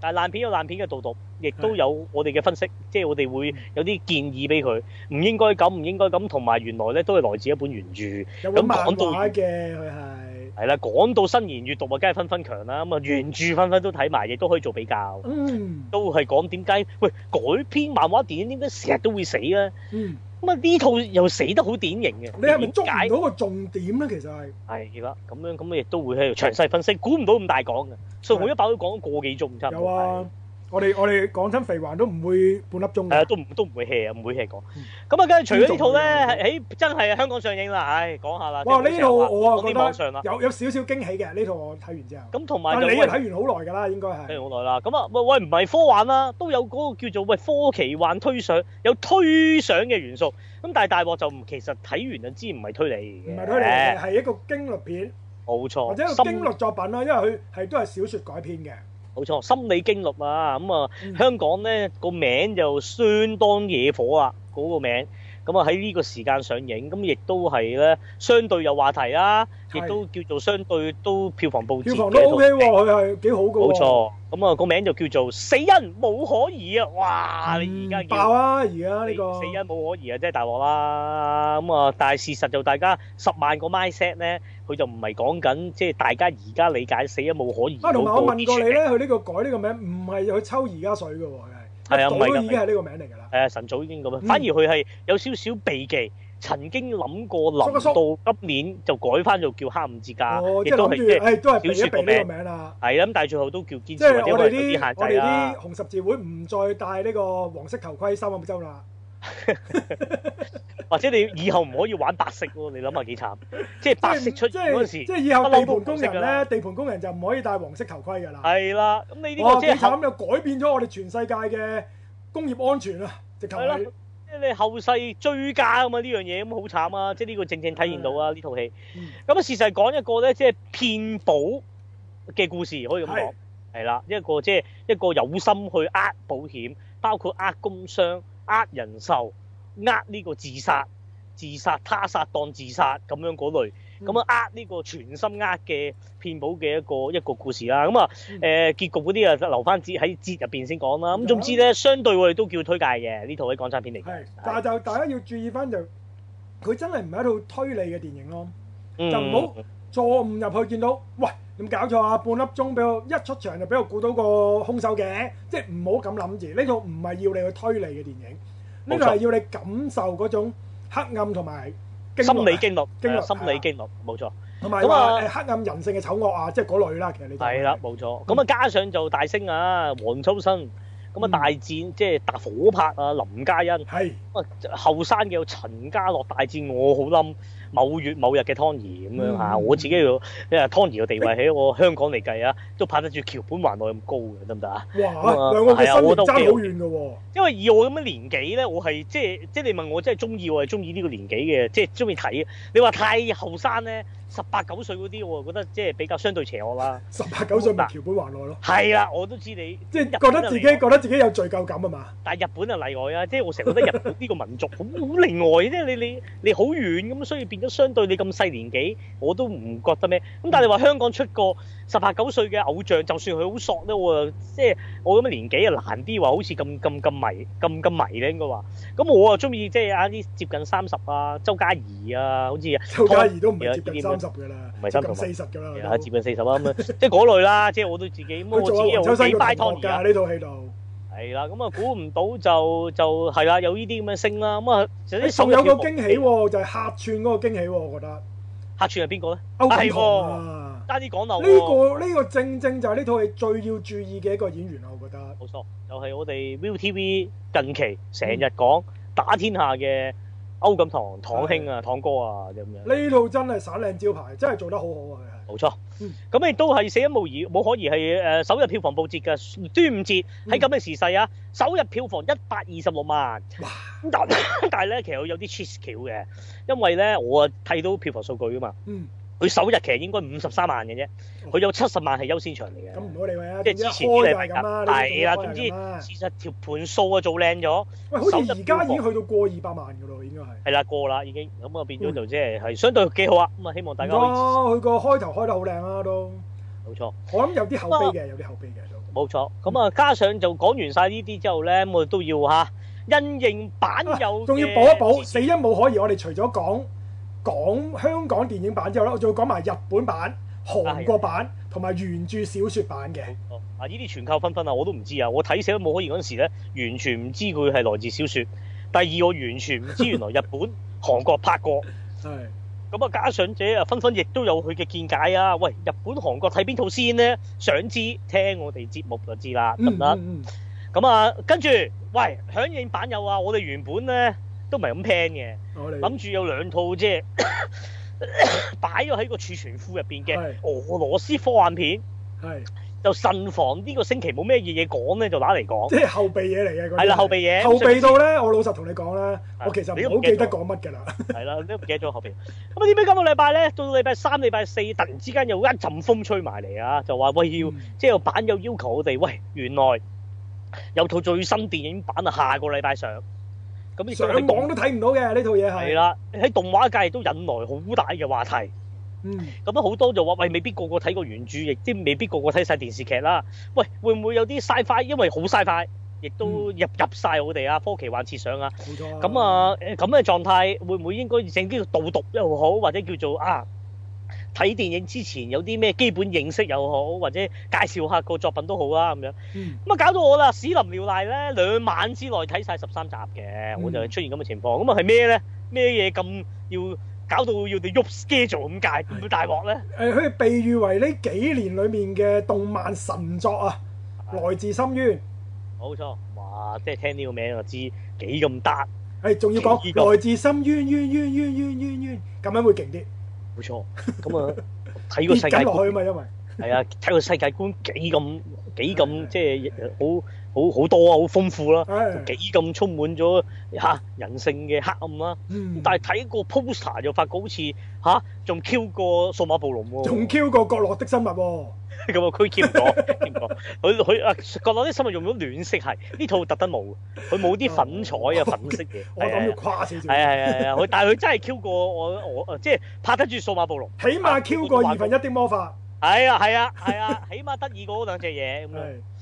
但係爛片有爛片嘅度度，亦都有我哋嘅分析，是即係我哋會有啲建議俾佢，唔應該咁，唔應該咁，同埋原來咧都係來自一本原著。有漫畫嘅佢係。係啦，講到新年閱讀啊，梗係分分強啦。咁、嗯、啊，原著分分都睇埋，亦都可以做比較。嗯，都係講點解？喂，改編漫畫電影點解成日都會死啊？嗯，咁啊呢套又死得好典型嘅。你係咪捉唔到個重點咧？其實係。係，而家咁樣咁嘅嘢都會喺度詳細分析，估唔到咁大講嘅，所以每一包都講個幾鐘差唔多有、啊。我哋我哋講真，廢話都唔會半粒鐘嘅，都唔都唔會 hea 啊，唔會 hea 講。咁、嗯、啊，跟住除咗呢套咧，喺、嗯、真係香港上映啦，唉、哎，講下啦。哇！呢套我啊覺得有覺得有少少驚喜嘅，呢套我睇完之後。咁同埋，你睇完好耐㗎啦，應該係。睇完好耐啦。咁啊，喂喂，唔係科幻啦，都有嗰個叫做喂科奇幻推想有推想嘅元素。咁但係大鑊就唔，其實睇完就知唔係推理。唔係推理嘅，係一個驚慄片。冇錯。或者一個驚慄作品啦，因為佢係都係小説改編嘅。冇錯，心理驚慄啊！咁啊，香港咧個名就相當惹火啊，嗰個名。咁啊喺呢個時間上映，咁亦都係咧相對有話題啦，亦都叫做相對都票房報票房都 OK 喎，佢係幾好嘅。冇錯，咁啊個名就叫做《死因無可疑》啊！哇，你而家爆啊！而家呢個《死因無可疑》啊，真係大鑊啦！咁啊，但係事實就大家十萬個 mindset 咧。佢就唔係講緊，即係大家而家理解死都無可疑。阿同埋，我問過你咧，佢呢個改呢個名，唔係去抽而家水嘅喎，係。係啊，唔係已經係呢個名嚟㗎啦。誒，晨早已經咁樣。反而佢係有少少避忌，曾經諗過諗到今年就改翻做叫黑五節假，亦都係即係小說個名啦。係啊，咁但係最後都叫堅持，因為有啲限制啦。紅十字會唔再戴呢個黃色頭盔三亞州啦。或 者 你以後唔可以玩白色喎？你諗下幾慘，即係白色出嗰時，即係以後地盤工人咧，地盤工人就唔可以戴黃色頭盔噶啦。係啦，咁你呢個即係後咁又改變咗我哋全世界嘅工業安全啊！直頭佢即係你後世追加啊嘛呢樣嘢咁好慘啊！即係呢個正正體現到啊呢套 戲。咁、嗯、事實講一個咧，即係騙保嘅故事可以咁講係啦，一個即係一個有心去呃保險，包括呃工傷。呃人壽，呃呢個自殺，自殺他殺當自殺咁樣嗰類，咁啊呃呢個全心呃嘅騙保嘅一個一個故事啦，咁啊誒結局嗰啲啊留翻節喺節入邊先講啦。咁總之咧、哦，相對我哋都叫推介嘅呢套喺港產片嚟。但係就大家要注意翻就，佢真係唔係一套推理嘅電影咯，啊嗯，就唔好坐唔入去見到，喂。咁搞錯啊！半粒鐘俾我一出場就俾我估到個兇手嘅，即係唔好咁諗住。呢套唔係要你去推理嘅電影，呢套係要你感受嗰種黑暗同埋心理驚悚。心理驚悚，冇、啊啊、錯。同埋咁啊，黑暗人性嘅醜惡啊、嗯，即係嗰類啦。其實你係、就、啦、是，冇錯。咁、嗯、啊，加上就大星啊，黃秋生咁啊，嗯、大戰即係搭火拍啊，林嘉欣。係。咁後生叫陳家樂，大戰我好冧。某月某日嘅湯兒咁樣嚇、嗯，我自己個，你話湯兒個地位喺我香港嚟計啊，都拍得住橋本環奈咁高嘅得唔得啊？哇！嗯、兩位嘅分別爭好遠嘅喎，因為以我咁嘅年紀咧，我係即係即係你問我真係中意，我係中意呢個年紀嘅，即係中意睇。你話太後生咧。十八九歲嗰啲，我覺得即係比較相對邪惡啦。十八九歲咪橋本環奈咯。係啊，我都知你即係覺得自己覺得自己有罪疚感啊嘛。但係日本就例外啊，即係我成日覺得日本呢個民族好另外，即係你你你好遠咁，所以變咗相對你咁細年紀，我都唔覺得咩。咁但係你話香港出個十八九歲嘅偶像，就算佢好索咧，我即係我咁嘅年紀啊難啲話好似咁咁咁迷咁咁迷咧應該話。咁我又鍾意即係啱啲接近三十啊，周家怡啊，好似周家怡都唔接近三十。十噶啦，唔係三四十噶啦，接近四十啊咁啊，即係嗰類啦，即係我都自己，我自己用幾大湯噶呢套戲度，係啦，咁啊估唔到就就係啦，有呢啲咁嘅聲啦，咁啊仲有個驚喜，就係客串嗰個驚喜，我覺得客串係邊個咧？歐錦棠、啊啊，單啲講就呢個呢、這個正正就係呢套戲最要注意嘅一個演員啊，我覺得冇錯，就係、是、我哋 ViuTV 近期成日講打天下嘅。歐錦棠，堂兄啊，堂哥啊咁樣，呢度真係耍靚招牌，真係做得好好啊！冇錯，咁、嗯、亦都係死一無疑，冇可疑係誒首日票房報捷嘅端午節喺咁嘅時勢啊，首日票房一百二十六萬，哇但係咧其實有啲蹊蹺嘅，因為咧我睇到票房數據㗎嘛。嗯佢首日其實應該五十三萬嘅啫，佢有七十萬係優先場嚟嘅。咁唔好理佢啊，即係之前主力買入。係啦，總之事實條盤數啊做靚咗。喂，好似而家已經去到過二百萬㗎啦，應該係。係啦，過啦已經，咁啊變咗就即係係相對幾好啊。咁啊，希望大家可以。哇，佢個開頭開得好靚啊都。冇錯。我諗有啲口碑嘅，有啲口碑嘅就。冇錯。咁啊，加上就講完曬呢啲之後咧，我哋都要嚇因應版又。仲要補一補，死因冇可疑。我哋除咗講。講香港電影版之後咧，我仲講埋日本版、韓國版同埋原著小說版嘅。啊，依啲全靠分分啊！我都唔知啊，我睇死因無可疑嗰陣時咧，完全唔知佢係來自小說。第二，我完全唔知原來日本、 韓國拍過。係。咁啊，加上者啊，分分亦都有佢嘅見解啊。喂，日本、韓國睇邊套先呢？想知，聽我哋節目就知啦，得唔得？咁啊、嗯嗯，跟住，喂，響應版有啊，我哋原本咧。都唔係咁 plan 嘅，諗、哦、住有兩套即係擺咗喺個儲存庫入面嘅俄羅斯科幻片，就慎防呢個星期冇咩嘢嘢講咧，就打嚟講。即、就、係、是、後備嘢嚟嘅，係啦，後備嘢。後備到咧，我老實同你講啦，我其實唔好記得講乜嘅啦。係啦，你都唔記得咗後備。咁啊，點解今個禮拜咧到到禮拜三、禮拜四突然之間又一陣風吹埋嚟啊？就話喂要、嗯、即係版有，有要求我哋，喂原來有套最新電影版啊，下個禮拜上。上網都睇唔到嘅呢套嘢係。係啦，喺動畫界都引來好大嘅話題。嗯。咁啊好多就話喂，未必個個睇過原著，亦即未必個個睇晒電視劇啦。喂，會唔會有啲嘥快？因為好嘥快，亦都入入晒我哋啊、嗯，科奇幻設想啊。冇錯。咁啊，咁嘅狀態會唔會應該整啲導讀又好，或者叫做啊？睇電影之前有啲咩基本認識又好，或者介紹下個作品都好啊咁樣。咁、嗯、啊搞到我啦，史林妙娜咧兩晚之內睇晒十三集嘅，我就出現咁嘅情況。咁啊係咩咧？咩嘢咁要搞到要郁 schedule 咁解， 咁大鑊咧？誒，佢被譽為呢幾年裏面嘅動漫神作啊，《來自深淵》。冇錯，哇！即係聽呢個名就知幾咁得。係，仲要講《來自深淵》。淵淵淵淵淵淵淵，咁樣會勁啲。冇錯，咁啊睇個世界觀，落去 啊嘛，因為係啊，睇個世界觀幾咁幾咁 這麼 即係是好。 嗯好好多啊，好豐富啦，幾咁充滿咗嚇人性嘅黑暗啦、嗯。但係睇個 poster 就發覺好似嚇仲 Q 過數碼暴龍喎，仲 Q 過角落的生物喎。咁啊，佢 Q 唔到，佢佢啊，角落的生物用咗暖色系，呢 套特登冇，佢冇啲粉彩、粉彩啊，粉色嘅。我諗要誇先。係係係啊，但係佢真係 Q 過我我即係、就是、拍得住數碼暴龍。起碼 Q 過二分一啲魔法。係啊係啊係啊，起碼得意過嗰兩隻嘢。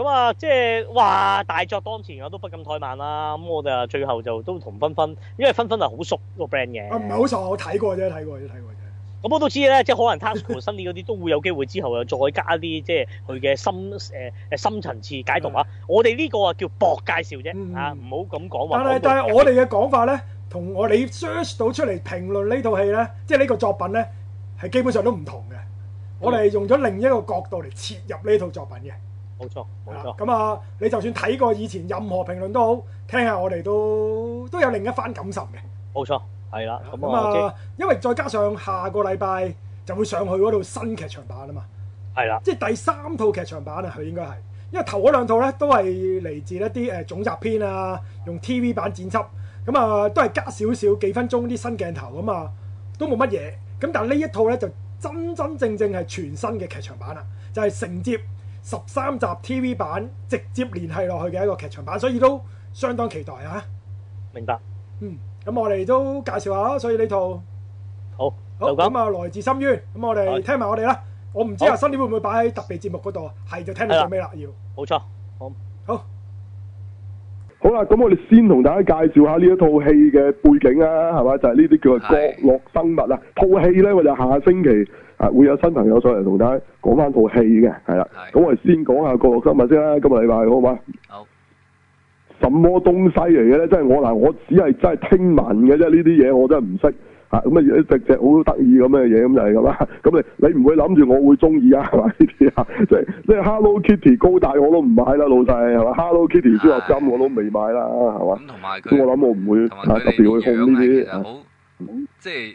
咁啊，即係話大作當前，我都不敢怠慢啦。咁我哋啊，最後就都同分分，因為分分係啊好熟個 brand 嘅。唔係好熟，我睇過啫，睇過啫，睇過啫。咁我都知咧，即係可能 Tasuku Sunny 嗰啲 都會有機會之後又再加啲，即係佢嘅深誒誒深層次解讀、 嗯、啊。我哋呢個啊叫薄介紹啫，吓唔好咁講。但係但係我哋嘅講法咧，同我哋 search 到出嚟評論呢套戲咧，即係呢個作品咧，係基本上都唔同嘅、嗯。我哋係用咗另一個角度嚟切入呢套作品嘅。冇錯，冇錯。咁啊，你就算睇過以前任何評論都好，聽下我哋都都有另一番感受嘅。冇錯，係啦、啊。咁啊，因為再加上下個禮拜就會上去嗰套新劇場版啦嘛。係啦，即係第三套劇場版啊，佢應該係，因為頭嗰兩套咧都係嚟自一啲誒、呃、總集篇啊，用 TV 版剪輯，咁啊都係加少少幾分鐘啲新鏡頭咁啊，都冇乜嘢。咁、啊、但係呢一套咧就真真正正係全新嘅劇場版啦，就係、是、承接。十三集 TV 版直接連繫落去嘅一個劇場版，所以都相當期待啊！明白，嗯，咁我哋都介紹下，所以呢套好好咁啊，來自深淵，咁我哋聽埋我哋啦。我唔知阿新年會唔會擺喺特別節目嗰度啊？係就聽到最尾啦，要冇錯，好，好，好啦，咁我哋先同大家介紹下呢一套戲嘅背景啊，係咪？就係呢啲叫做角落生物啊，套戲咧我哋就下星期。啊，會有新朋友上嚟同大家講翻套戲嘅，係啦。咁我哋先講下個角落生物先啦，今日禮拜好唔好？好。什麼東西嚟嘅咧？真係我嗱，我只係真係聽聞嘅啫，呢啲嘢我真係唔識嚇。咁啊，一直隻好得意咁嘅嘢，咁就係咁啦。咁 你你唔會諗住我會中意啊？係咪？呢啲啊？即係即係 Hello Kitty 高大我都唔買啦，老細，係嘛？Hello Kitty 侏儒金我都未買啦，係、哎、嘛？咁同埋佢，我諗我唔會特別會控呢啲即係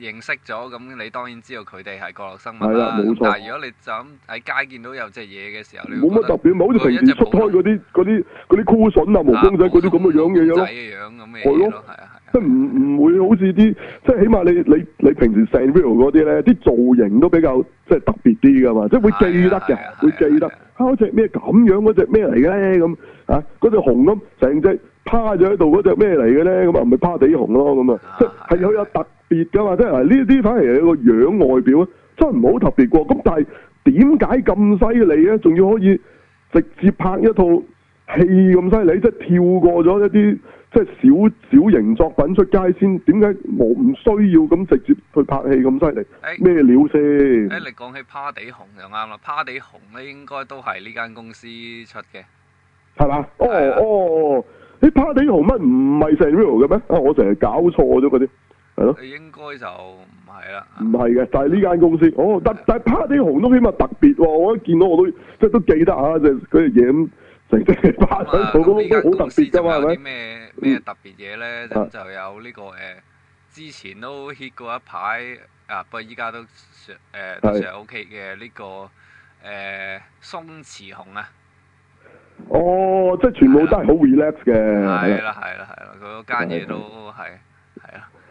認識咗咁，你當然知道佢哋係角落生物啦、啊。但係如果你就喺街見到有隻嘢嘅時候，你冇乜特別，咪好似平時出開嗰啲嗰啲嗰啲枯筍啊、毛公仔嗰啲咁嘅樣嘢咯。係咯，係啊，係啊，即係唔唔會好似啲，即係、啊啊、起碼你你你平時成日見嗰啲咧，啲造型都比較即係特別啲嘅嘛，即係會記得嘅、啊啊，會記得好似咩咁樣嗰隻咩嚟嘅咧，咁啊，嗰隻熊咁成隻趴咗喺度嗰隻咩嚟嘅咧，咁啊，唔係趴地熊咯。咁啊，即係係佢有特別噶嘛，即係呢啲反而係一個樣外表啊，真係唔好特別過。咁但係點解咁犀利咧？仲要可以直接拍一套戲咁犀利，即係跳過咗一啲即係小小型作品出街先。點解我唔需要咁直接去拍戲咁犀利？誒、欸，咩料先？誒、欸，你講起趴地熊就啱啦。趴地熊咧，應該都係呢間公司出嘅，係嘛？哦哦，你趴地熊乜唔係 Sanrio 嘅咩？我成日搞錯咗嗰啲。係咯，應該就唔係啦。唔係嘅，就係呢間公司哦。但但 party 紅都起碼特別哇！我一見到我都即係都記得啊、嗯嗯嗯嗯！就係嗰啲嘢咁成績發上到好特別噶嘛？有啲咩咩特別嘢咧？咁就有呢、這個誒，之前都 hit 過一排啊，不過依家都誒、嗯、都係 OK 嘅呢、這個誒、呃、鬆弛熊啊！哦，即係全部都係好 relax 嘅。係啦係啦係啦，佢間嘢都係。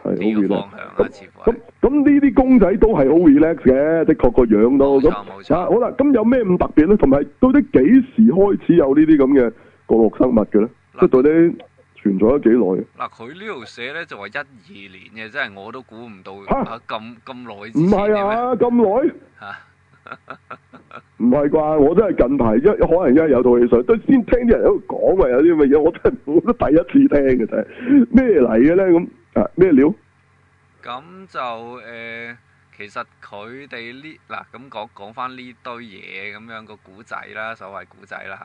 係好遠啦，咁咁咁呢啲公仔都係好 relax 嘅，的確個樣都冇錯，冇錯、啊、好啦，咁有咩咁特別咧？同埋到底幾時開始有呢啲咁嘅角落生物嘅咧？即到底存在咗幾耐？嗱，佢呢度寫咧就話一二年嘅，真係我都估唔到吓咁咁耐。唔係啊，咁耐。唔係啩？我真係近排一可能一有套嘢上，都先聽啲人喺度講啊，有啲咁嘅嘢，我真係我都第一次聽嘅真係。咩嚟嘅咧咁？咩、啊、料？咁就誒、呃，其實佢哋呢，嗱咁講講翻呢堆嘢，咁樣個古仔啦，所謂古仔啦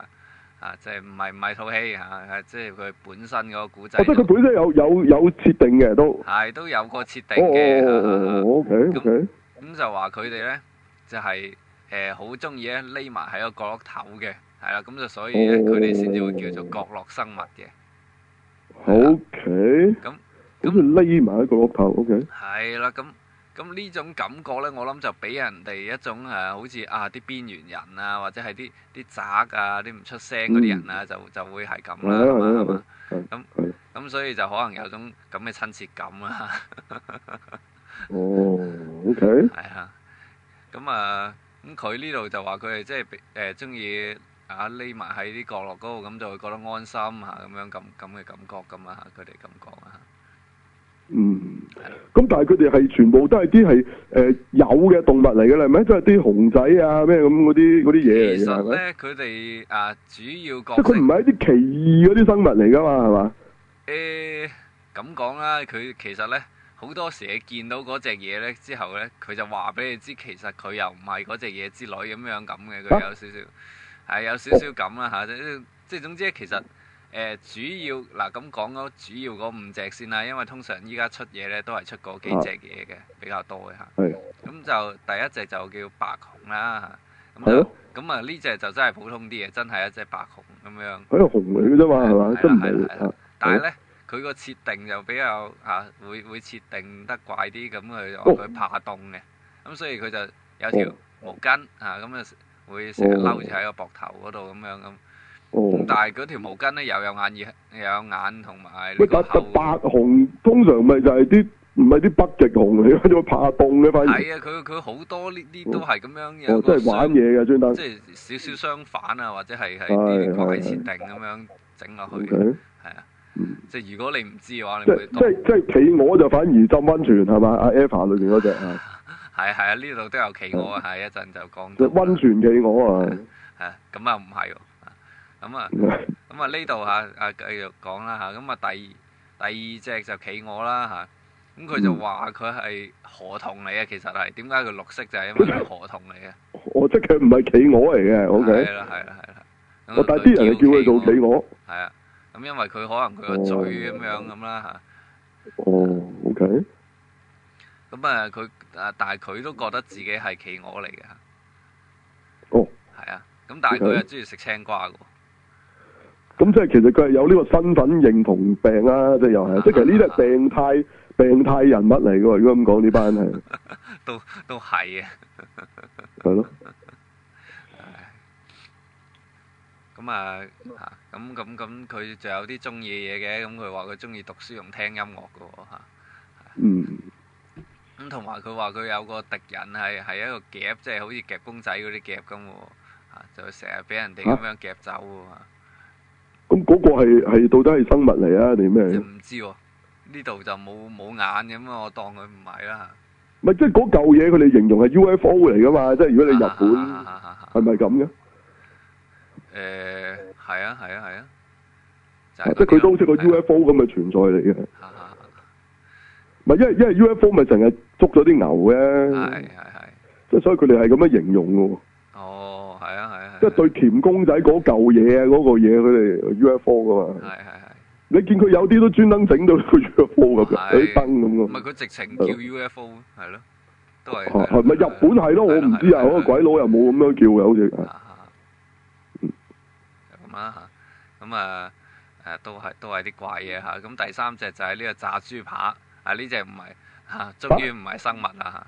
吓，啊即係唔係唔係套戲吓，即係佢本身嗰個古仔。即係佢本身有有有設定嘅都。係都有個設定嘅。OK，OK。咁就話佢哋咧，就係誒好鍾意，匿埋喺個角落頭嘅，係啦，咁就所以咧，佢哋先至會叫做角落生物嘅。OK。咁、okay. 啊。咁佢匿埋喺個角落，OK？係啦，咁咁呢種感覺咧，我諗就俾人哋一種誒，好似啊啲邊緣人啊，或者係啲啲渣啊，啲唔出聲嗰啲人啊，嗯、就就會係咁啦嘛。咁、嗯、咁所以就可能有種咁嘅親切感呀、哦。哦，OK。係啊，咁啊、就是，咁佢呢度就話佢哋即係誒中意啊匿埋喺啲角落嗰度，咁就會覺得安心嚇，咁、啊、樣咁咁嘅感覺咁啊，佢哋感覺啊。嗯，咁但係佢哋係全部都係啲係誒有嘅動物嚟噶啦，咪都係啲熊仔啊咩咁嗰啲啲嘢。其實咧，佢哋啊主要角色即佢唔係一啲奇異嗰啲生物嚟噶嘛，係嘛？誒、欸，咁講啦，佢其實咧好多時你見到嗰隻嘢咧之後咧，佢就話俾你知，其實佢又唔係嗰隻嘢之類咁樣咁嘅，佢、啊、有少少係、啊、有少少咁啦吓，即即係總之其實。誒、呃、主要嗱咁、啊、講咗主要嗰五隻先啦，因為通常依家出嘢咧都係出嗰幾隻嘢嘅比較多嘅咁、啊、就第一隻就叫白熊啦。咁啊，呢隻就，嗯就，嗯啊呢個、就真係普通啲嘅，真係一隻白熊咁樣。係熊嚟嘅啫嘛，係嘛，真係、啊。但係咧，佢個設定就比較嚇、啊，會設定得怪啲，咁佢話佢怕凍嘅。咁、哦啊、所以佢就有條毛巾咁啊，啊，啊會成日攆住喺個膊頭嗰度咁樣咁。哦、但係嗰條毛巾咧又有眼耳，又有眼同埋。乜白白白熊通常咪就係啲唔係啲北極熊嚟嘅，做咩怕凍嘅？反而係啊！佢佢好多呢啲都係咁樣嘅、哦哦，即係玩嘢嘅專登。即係少少相反啊，或者係係啲動物設定咁樣整落去。係啊，即係如果你唔知嘅話，你會即係即係企鵝就反而浸温泉係嘛？阿 Eva 裏邊嗰隻啊，係係啊，呢、啊、度都有企鵝啊，係一陣就講。温泉企鵝啊，係啊，咁又唔係喎。咁、嗯、啊，咁啊呢度啊啊，繼續講啦嚇。咁啊第二第二隻就企鵝啦嚇。咁、啊、佢就話佢係河童嚟嘅，其實係點解佢綠色就係因為佢係河童嚟嘅。我即佢唔係企鵝嚟嘅，O K？係啦係啦係啦。我但啲人係叫佢做企鵝。係啊，咁、嗯、因為佢可能佢個嘴咁樣咁啦嚇。哦，O K。咁、哦、啊，佢、嗯哦 okay? 啊，但係佢都覺得自己係企鵝嚟嘅嚇。哦。係啊，咁但係佢又中意食青瓜嘅。哦 okay? 咁即係其實佢係有呢個身份認同病啦！即係又係，即係其實呢啲係病態病態人物嚟嘅喎。如果咁講呢班係，都都係嘅。係咯。咁啊，嚇！咁咁咁，佢仲有啲中意嘢嘅。咁佢話佢中意讀書同聽音樂嘅喎嚇。嗯。咁同埋佢話佢有個敵人係係一個夾，即係好似夾公仔嗰啲夾咁喎嚇，就成日俾人哋咁樣夾走㗎嘛。咁、那、嗰個係到底係生物嚟啊定咩？唔知喎，呢度就冇冇眼咁啊！我當佢唔係啦。唔係即係嗰嚿嘢，佢哋形容係 UFO 嚟噶嘛？即、啊、係如果你日本係咪咁嘅？誒，係啊，係啊，係啊，即係佢都好似個 UFO 咁嘅存在嚟嘅。唔、啊、係、啊啊，因為因為 UFO 咪成日捉咗啲牛嘅。係係係。即、哎、係、哎、所以佢哋係咁樣形容嘅喎。哦，係啊，係、啊。即係 對鉗公仔嗰嚿嘢啊，嗰、嗰個嘢佢哋 UFO 噶嘛？係係係。你見佢有啲都專登整到 UFO 咁樣，啲燈咁咯。唔係佢直情叫 UFO，係咯，都係。係咪日本係咯？我唔知啊，嗰個鬼佬又冇咁樣叫嘅，好似。咁啊吓，咁啊誒，都係都係啲怪嘢吓。咁第三隻就係呢個炸豬扒，啊！呢隻唔係吓，終於唔係生物啦。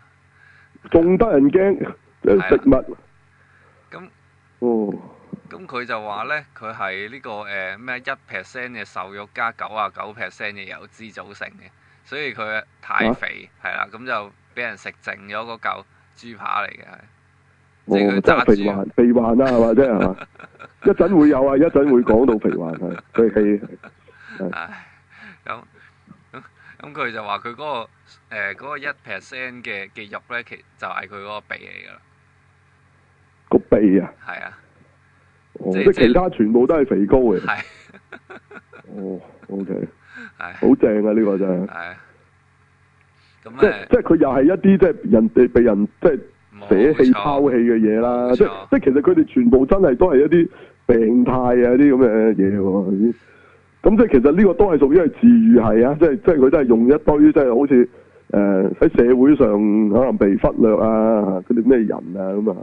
仲得人驚， 食物。哦，咁佢就話咧，佢係呢個誒咩一 percent 嘅瘦肉加九啊九 percent 嘅油脂組成嘅，所以佢太肥係啦，咁、啊、就俾人食剩咗嗰嚿豬扒嚟嘅，即、哦、係、就是、肥環肥環啦、啊，係嘛即係一陣會有啊，一陣會講到肥環佢對氣。咁咁佢就話佢嗰個誒、呃嗰個一 percent 嘅嘅肉咧，其就係佢嗰個髀嚟噶啦。個鼻啊，係啊，即係其他全部都係肥高嘅，哦，OK，係，好正啊呢個就係，咁即係即係佢又係一啲即係人哋被人即係捨棄拋棄嘅嘢啦，即係即係其實佢哋全部真係都係一啲病態啊啲咁嘅嘢，咁即係其實呢個都係屬於係治愈系啊，即係即係佢都係用一堆即係、就是、好似誒喺社會上可能被忽略啊嗰啲咩人啊咁啊。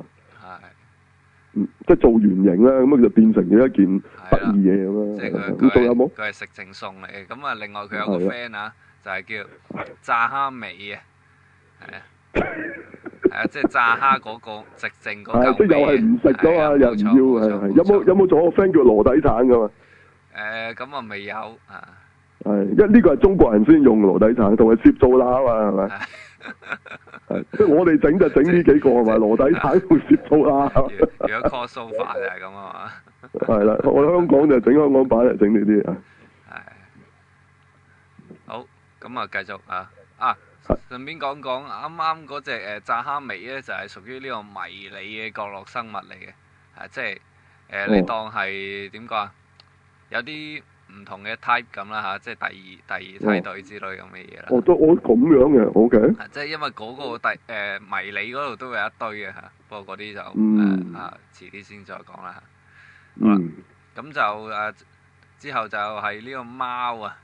嗯，即係做圓形啦，咁佢就變成咗一件不義嘢咁樣。咁仲有冇？佢係食剩餸嚟嘅，咁啊另外佢有個 friend 啊，就係叫炸蝦尾啊，係啊，係啊，即係炸蝦嗰個食剩嗰嚿尾。係啊，即係又係唔食咗啊，又要係。有冇有冇做個 friend 叫籮底橙噶嘛？誒，咁啊未有啊。係因為呢個係中國人先用籮底橙，同埋攝灶罅啊，係咪？ 我哋整就整呢幾個係咪？羅底太會攝到啦。 如果 cosplay 就係咁啊嘛。係 啦，我香港就整香港版，嚟整呢啲啊。係。好，咁啊，繼續啊啊，順便講講啱啱嗰隻誒炸蝦味咧，就係屬於呢個迷你嘅角落生物嚟嘅。啊，即係誒、呃，你當係點講啊？有啲。唔同嘅 type 咁啦嚇，即係第二第二梯隊之類咁嘅嘢啦。我都我咁樣嘅好嘅，即係因為嗰個第誒迷你嗰度都有一堆嘅嚇、哦，不過嗰啲就誒嚇、嗯啊，遲啲先再講啦嚇。咁、嗯、就誒之後就係呢個貓、嗯、啊，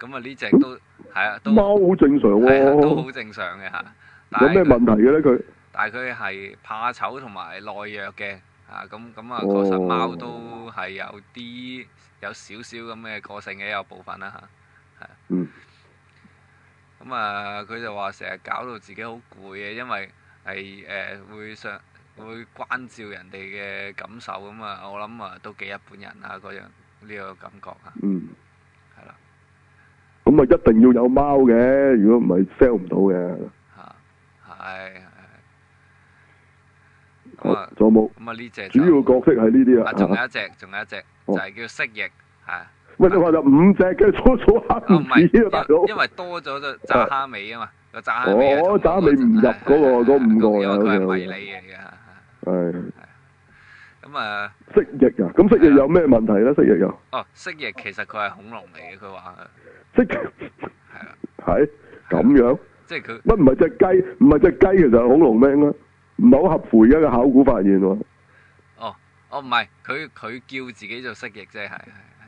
咁啊呢隻都係啊都。貓好正常喎、啊啊。都好正常嘅嚇。有咩問題嘅咧？佢？但係佢係怕醜同埋耐弱嘅嚇，咁咁啊確實貓都係有啲。有少少咁嘅個性嘅一個部分啦吓，係嗯。咁、嗯、啊，佢就話成日搞到自己好攰嘅，因為係誒、呃、會上會關照人哋嘅感受咁、嗯、啊，我諗啊都幾日本人啊嗰樣呢個感覺啊。嗯。係啦。咁啊，一定要有貓嘅，如果唔係 sell 唔到嘅。吓、啊，係。仲有冇？咁啊呢隻主要的角色係呢啲啊，仲、啊、有一隻，仲有一隻、啊，就係、是、叫蜥蜴，係。喂，啊、你話就五隻嘅粗粗黑唔因為多咗就炸蝦尾啊嘛，個炸蝦尾唔入嗰、那個，個唔入啊，有冇？因係迷你嚟嘅。係、啊。咁啊，啊，啊、嗯。蜥蜴啊？咁蜥蜴有咩問題咧？蜥蜴有啊？哦，蜥蜴其實佢係恐龍嚟嘅，佢話。蜥蜴係啊。係咁、啊啊、樣？即係佢乜唔係隻雞？唔係隻雞，啊、是是其實係恐龍名啊。唔係好合乎而家嘅考古發現喎。哦，哦唔係，佢佢叫自己做蜥蜴啫，係係係。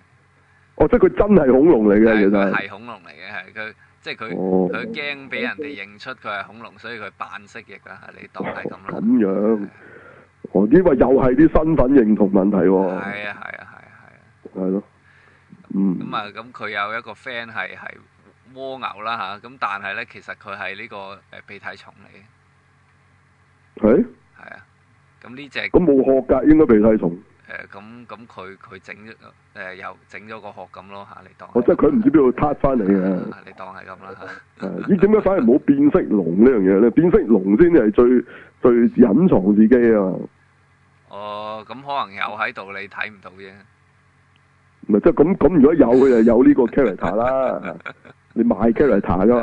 哦，即係佢真係恐龍嚟嘅，其實。係恐龍嚟嘅，係佢，即係佢，佢驚俾人哋認出佢係恐龍，所以佢扮蜥蜴啦，你當係咁啦。咁樣。我呢個又係啲身份認同問題喎。係啊係啊係係啊。係咯。嗯。咁啊，咁佢有一個 friend 係係蝸牛啦嚇，咁但係咧，其實佢係呢個誒鼻涕蟲嚟。係、欸，係啊，咁呢隻咁冇殼㗎，應該鼻涕蟲。誒、呃，咁咁佢佢整咗，又整咗個殼咁咯吓你當。我即係佢唔知邊度揼翻嚟嘅，你當係咁啦。咦、哦，點解、啊、 反而冇變色龍呢樣嘢咧？變色龍先係最最隱藏自己啊。哦、呃，咁、嗯、可能有喺度，你睇唔到嘅。唔係即係咁咁，如果有佢就有呢個 character 啦， 你買 character 㗎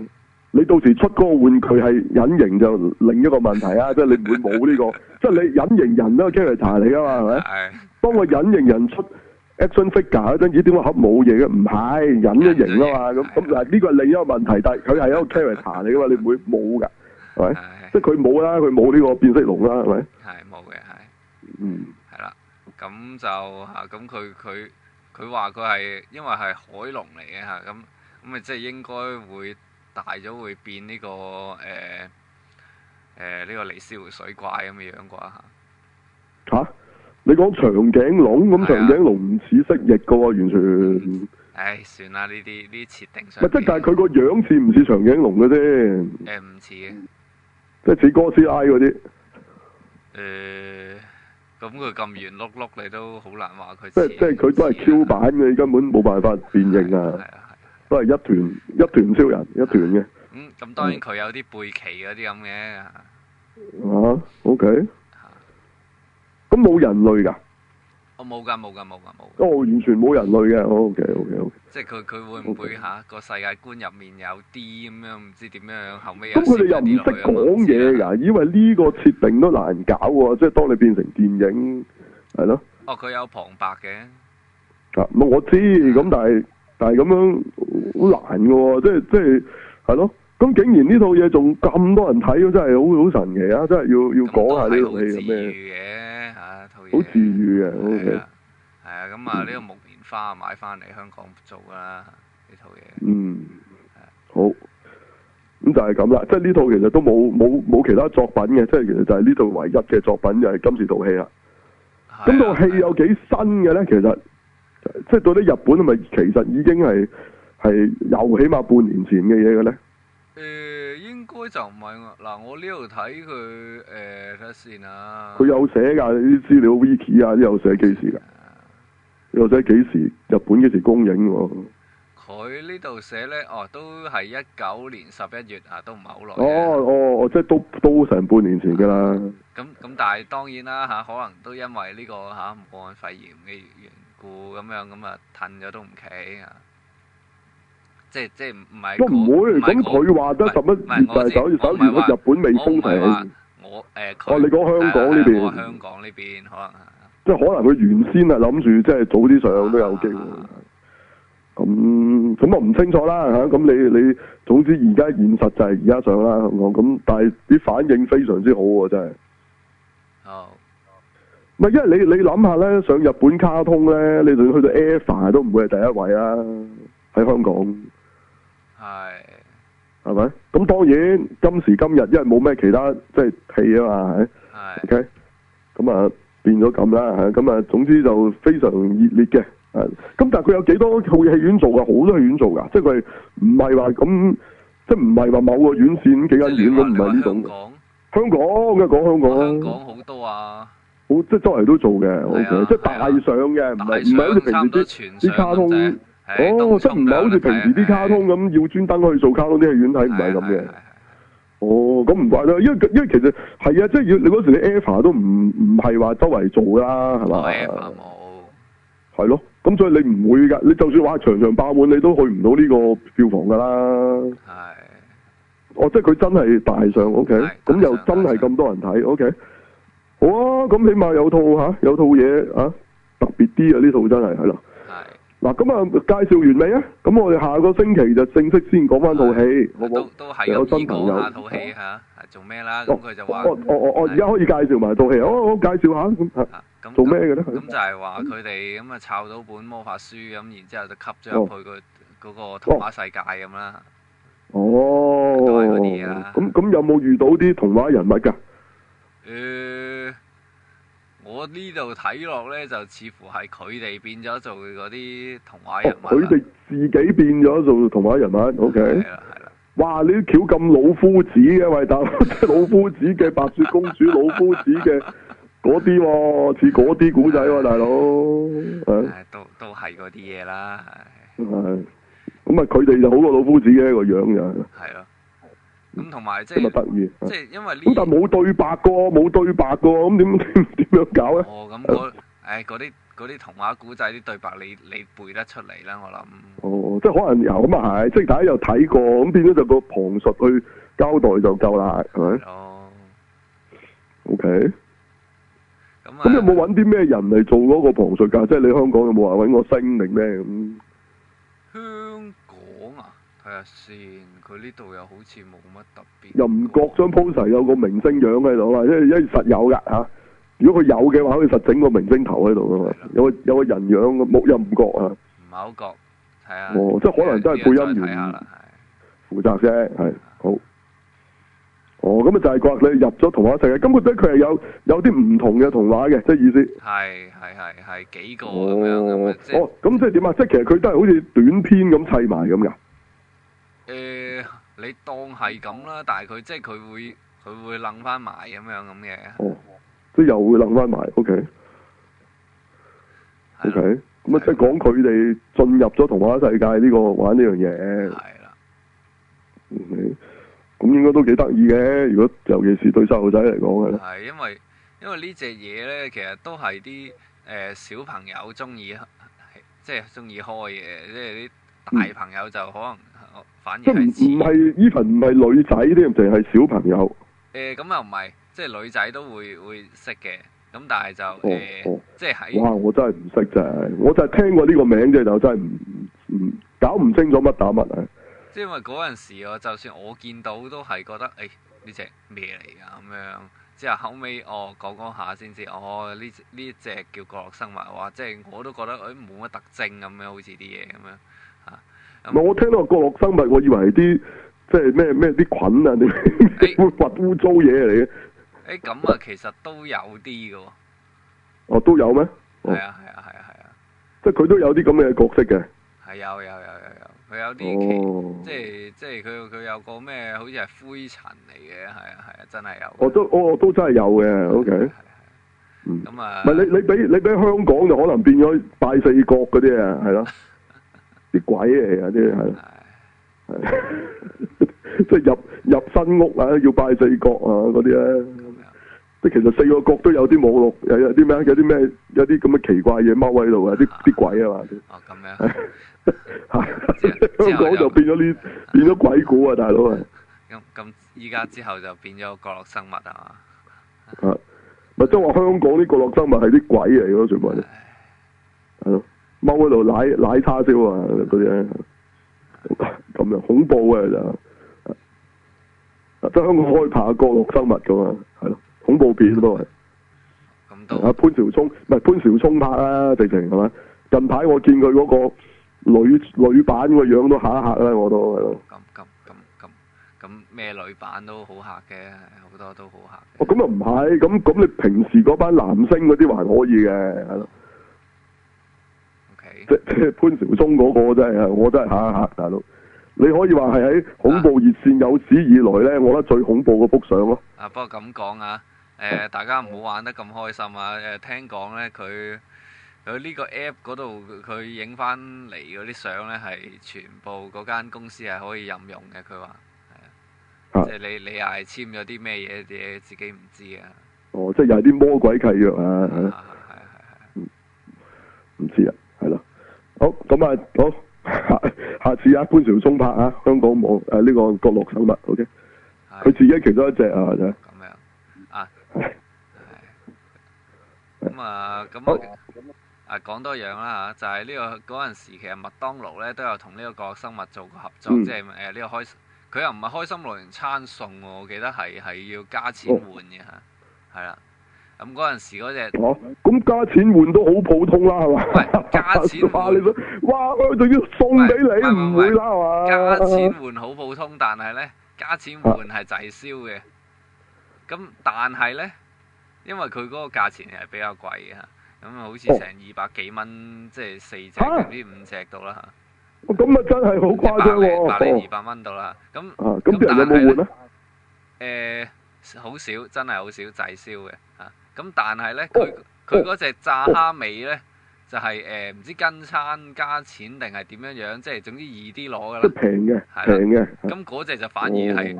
嘛。你到時出嗰個玩具係隱形就另一個問題啊！ 即係你唔會冇呢、這個， 即係你隱形人都個 character 嚟噶嘛，係咪？係。當個隱形人出 action figure 嗰陣時，點解盒冇嘢嘅？唔係隱咗形啊嘛！咁咁嗱，呢個係另一個問題，但係佢係一個 character 嚟噶嘛， 你唔會冇㗎，係咪？即係佢冇啦，佢冇呢個變色龍啦，係咪？係冇嘅，係。嗯，係啦，咁就嚇咁佢佢佢話佢係因為係海龍嚟嘅嚇，咁咁咪即係應該會。大咗會變呢、這個誒誒呢個尼斯湖水怪咁嘅樣啩吓？吓、啊？你講長頸龍咁長頸龍唔似蜥蜴噶喎、啊，完全。唉、哎，算啦，呢啲呢設定上。即係但係佢個樣似唔似長頸龍嘅啫？誒、哎，唔似嘅，即係似哥斯拉嗰啲。誒、呃，咁佢咁圓碌碌，你都好難話佢。即係佢都係 Q 版嘅，你根本冇辦法辨認啊。都係一團一團超人一團嘅、啊。嗯，咁當然佢有啲背鰭嗰啲咁嘅。啊，O K。咁、okay? 冇、啊、人類噶？我冇噶冇噶冇噶冇。哦，完全冇人類嘅，O K O K O K。Okay, okay, okay. 即係佢佢會唔會吓個、okay. 啊、世界觀入面有啲咁樣唔知點樣後尾有又唔識講嘢噶，因為呢個設定都難搞喎，即係當你變成電影係咯。哦，佢、啊、有旁白嘅、啊嗯。我知，咁、嗯、但係。但係咁樣好難嘅，即係即係係咯。咁竟然呢套嘢，仲咁多人睇，真係好好神奇啊！真係要要講下呢套戲嘅咩？好治愈嘅，吓，套嘢好治愈啊！係、okay、啊，係啊。咁、嗯、啊，呢個木棉花買翻嚟香港做的啦，呢套嘢嗯、啊、好。咁就係咁啦。即係呢套其實都冇冇冇其他作品嘅，即係其實就係呢套唯一嘅作品，就係、是、今次套戲啦。咁、啊、套戲有幾新嘅咧？其實。即係對啲日本係咪其實已經係係有起碼半年前嘅嘢嘅咧？誒、欸、應該就唔係嗱，我呢度睇佢誒睇下先啊。佢有寫㗎，啲資料 Wiki 啊，有寫幾時㗎？又寫幾時日本幾時公映喎？佢呢度寫咧，哦，都係一九年十一月啊，都唔係好耐。哦哦哦，即係都都成半年前㗎啦。咁、啊、咁，但係當然啦嚇，可能都因為呢、呢個嚇新冠、啊、肺炎嘅原因。咁樣咁啊，褪咗都唔企啊！即係即係唔係都唔會，咁佢話得十一月就，但係九月九月日本未封城，我誒、欸，哦，你講香港呢邊，我香港呢邊可能，即係可能佢原先係諗住即係早啲上都有機會，咁咁啊唔、嗯、清楚啦吓，咁、啊、你你總之而家現實就係而家上啦，咁但係啲反應非常之好喎，真係。好、哦。唔係，因為你你諗下咧，上日本卡通咧，你仲去到 A F 都唔會係第一位啦。喺香港係係咪？咁當然今時今日，因為冇咩其他即係戲啊嘛，係 OK。咁啊變咗咁啦，咁啊。總之就非常熱烈嘅。咁但係佢有幾多套戲院做㗎？好多戲院做㗎，即係佢唔係話咁？即係唔係話某個院線幾間院咁？唔係呢種。香港梗係講香港，香港好多啊。好、哦、即係周圍都做嘅，O K，即係大上嘅，唔係唔係好似平時啲啲卡通，啊、哦，即係唔係好似平時啲卡通咁，啊、要專登去做卡通啲戲院睇，唔係咁嘅。哦，咁唔怪啦，因為因為其實係啊，即係要你嗰時你 Alpha 都唔唔係話周圍做㗎啦，係嘛 a 冇。係咯，咁，啊、所以你唔會㗎，你就算話場場爆滿，你都去唔到呢個票房㗎啦。係，啊。哦，即係佢真係大上，O K，咁又真係咁多人睇，O K。好啊，咁起碼有套吓，啊，有套嘢啊，特別啲啊！呢套真係係啦。係。嗱咁啊，介紹完未啊？咁我哋下個星期就正式先講翻套戲，都都係有新朋友講下一套戲吓，做咩啦？咁佢就話我我我而家可以介紹埋套戲，好、哦、好、哦、介紹下。咁做咩嘅咧？咁就係話佢哋咁啊，抄到本魔法書，咁、嗯、然之後就吸咗入去，嗰個嗰，哦嗰個童話世界咁啦。哦。咁咁、啊、有冇遇到啲童話人物噶？誒、呃，我呢度睇落咧，就似乎係佢哋變咗做嗰啲童話人物。佢，哦，佢哋自己變咗做童話人物。O、okay. K，係啦，係啦，哇，呢啲橋咁老夫子嘅！喂，大佬，老夫子嘅白雪公主， 老夫子嘅嗰啲喎，似嗰啲古仔喎，大佬。都都係嗰啲嘢啦。咁咁啊，佢哋就好過老夫子嘅個樣又係。咁同埋即係，即係、得意、因為呢，咁但係冇對白個，冇對白個，咁點點樣搞咧？哦，咁嗰誒嗰啲嗰啲童話古仔啲對白，你你背得出嚟啦？我諗哦，即係可能有咁啊，係即係大家又睇過，咁變咗就個旁述去交代就夠啦，係咪？哦，OK。咁咁有冇揾啲咩人嚟做嗰個旁述噶、嗯？即係你香港有冇話揾個聲明咧？香港啊，睇下先。佢呢度又好似冇乜特別，又唔覺張 poster 有個明星樣喺度啦，因為一實有噶嚇、啊。如果佢有嘅話，可以實整個明星頭喺度噶嘛，有個有個人樣，冇又唔覺嚇。唔係好覺，睇下、哦。即係可能都係配音員負責啫，係好。哦，咁啊就係、是、講你入咗童話世界，根本得佢係有有啲唔同嘅童話嘅，即、就、係、是、意思。係係係係幾個咁樣咁哦，咁即係點啊？即係、哦、其實佢都係好似短篇咁砌埋咁㗎。誒、呃，你當係咁啦，但係佢即係佢會佢會諗翻埋咁樣咁嘅。哦，即又會諗翻埋，O K，O K，咁啊即係講佢哋進入咗童話世界呢、這個玩呢樣嘢，係啦，咁、OK、應該都幾得意嘅。如果尤其是對細路仔嚟講咧，係因為因為這呢隻嘢咧，其實都係啲誒小朋友中意即係中意開嘅，即係啲。大朋友就可能反而係，唔唔係 even 唔係女仔咧，就係小朋友。誒、呃、咁又唔係，即係女仔都會會識嘅。咁但係就誒、呃哦哦，即係喺。哇！我真係唔識咋，我就係聽過呢個名嘅，就真係唔唔搞唔清楚乜打乜。即係因為嗰陣時啊，就算我見到都係覺得誒呢隻咩嚟㗎？咁樣。之後後尾我講講一下先知哦呢呢一隻叫角落生物哇！即係我都覺得誒冇乜特徵咁樣，好似啲嘢咁樣。嗯、我聽到個角落生物，我以為係啲即係咩咩啲菌啊，啲污物污糟嘢嚟嘅。誒咁、欸、啊，其實都有啲嘅喎。哦，都有咩？係、哦、啊係啊係啊係啊！即係佢都有啲咁嘅角色嘅。係有有有有有，佢有啲、哦、即係即係佢佢有個咩？好似係灰塵嚟嘅，係啊係啊，真係有的。我、哦、都我、哦、都真係有嘅，OK。係啊係啊。嗯。咁、嗯、啊。唔、嗯嗯嗯、你你俾你俾香港就可能變咗拜四角嗰啲啊，係咯。啲鬼嚟啊！啲係的，係即係入入新屋啊，要拜四角啊嗰啲咧。即係的其實四個角都有啲網絡，有有啲咩，有啲咩，有啲咁嘅奇怪嘢踎喺度嘅，啲啲、啊、鬼啊嘛。哦、啊，咁、啊、樣。係、啊啊啊、 香港就變咗呢，變咗鬼故啊，大佬啊。咁咁，依家之後就變咗角落生物啊嘛。 的啊，咪即係話香港啲角落生物係啲鬼嚟咯，全部係咯。踎喺度奶奶叉燒啊！嗰啲咧，咁樣恐怖嘅就，香港開拍角落生物噶嘛，係、嗯、咯，恐怖片都係。咁多、啊嗯啊。潘紹聰唔係潘紹聰拍啊，直情係咪？近排我見佢嗰個女女版個樣都嚇一嚇啦，我都係咯。咁咁咁咁咁咩女版都好吓嘅，好多都好吓嘅。哦，咁又唔係，咁咁你平時嗰班男星嗰啲還可以嘅，係咯、啊。 潘兆忠嗰個真係，我真係嚇嚇大佬。你可以話係喺恐怖熱線有史以來咧，我覺得最恐怖嘅幅相咯。啊，不過咁講、呃、啊，誒大家唔好玩得咁開心啊！誒聽講咧，佢佢呢個 app 嗰度佢影翻嚟嗰啲相咧，係全部嗰間公司係可以任用嘅。佢話係啊，即係你你又係簽咗啲咩嘢嘢，自己唔知啊。哦，即係又係啲魔鬼契約啊！係係係，唔知啊。好，咁啊，好下下次啊，潘朝松拍啊，香港冇誒呢個角落生物，O K。佢、okay? 自己其中一隻啊，就咁樣。啊。咁 啊，咁啊，啊講多樣啦就係、是、呢、這個嗰陣時其實，麥當勞咧都有同呢一個生物做過合作，即係誒呢個開，佢又唔係開心樂園餐餸喎，我記得係係要加錢換嘅嚇，係、哦、啦。咁嗰陣時嗰隻哦，咁、啊、加錢換都好普通啦，係嘛？加錢你哇你都哇我仲要送俾你，唔會啦，係嘛？加錢換好普通，啊、但係咧，加錢換係滯銷嘅。咁、啊、但係咧，因為佢嗰個價錢係比較貴嘅吓，咁啊好似成二百幾蚊，即係四隻唔知五隻到啦吓。咁啊，啊，啊，啊，啊有有、欸、真係好誇張喎！百零二百蚊到啦。咁咁但係誒，好少真係好少滯銷嘅。咁但係咧，佢佢嗰隻炸蝦尾咧，oh, 就係、是、唔知跟餐加錢定係點樣樣，即、就、係、是、總之易啲攞噶啦。平嘅，平嘅。咁嗰隻就反而係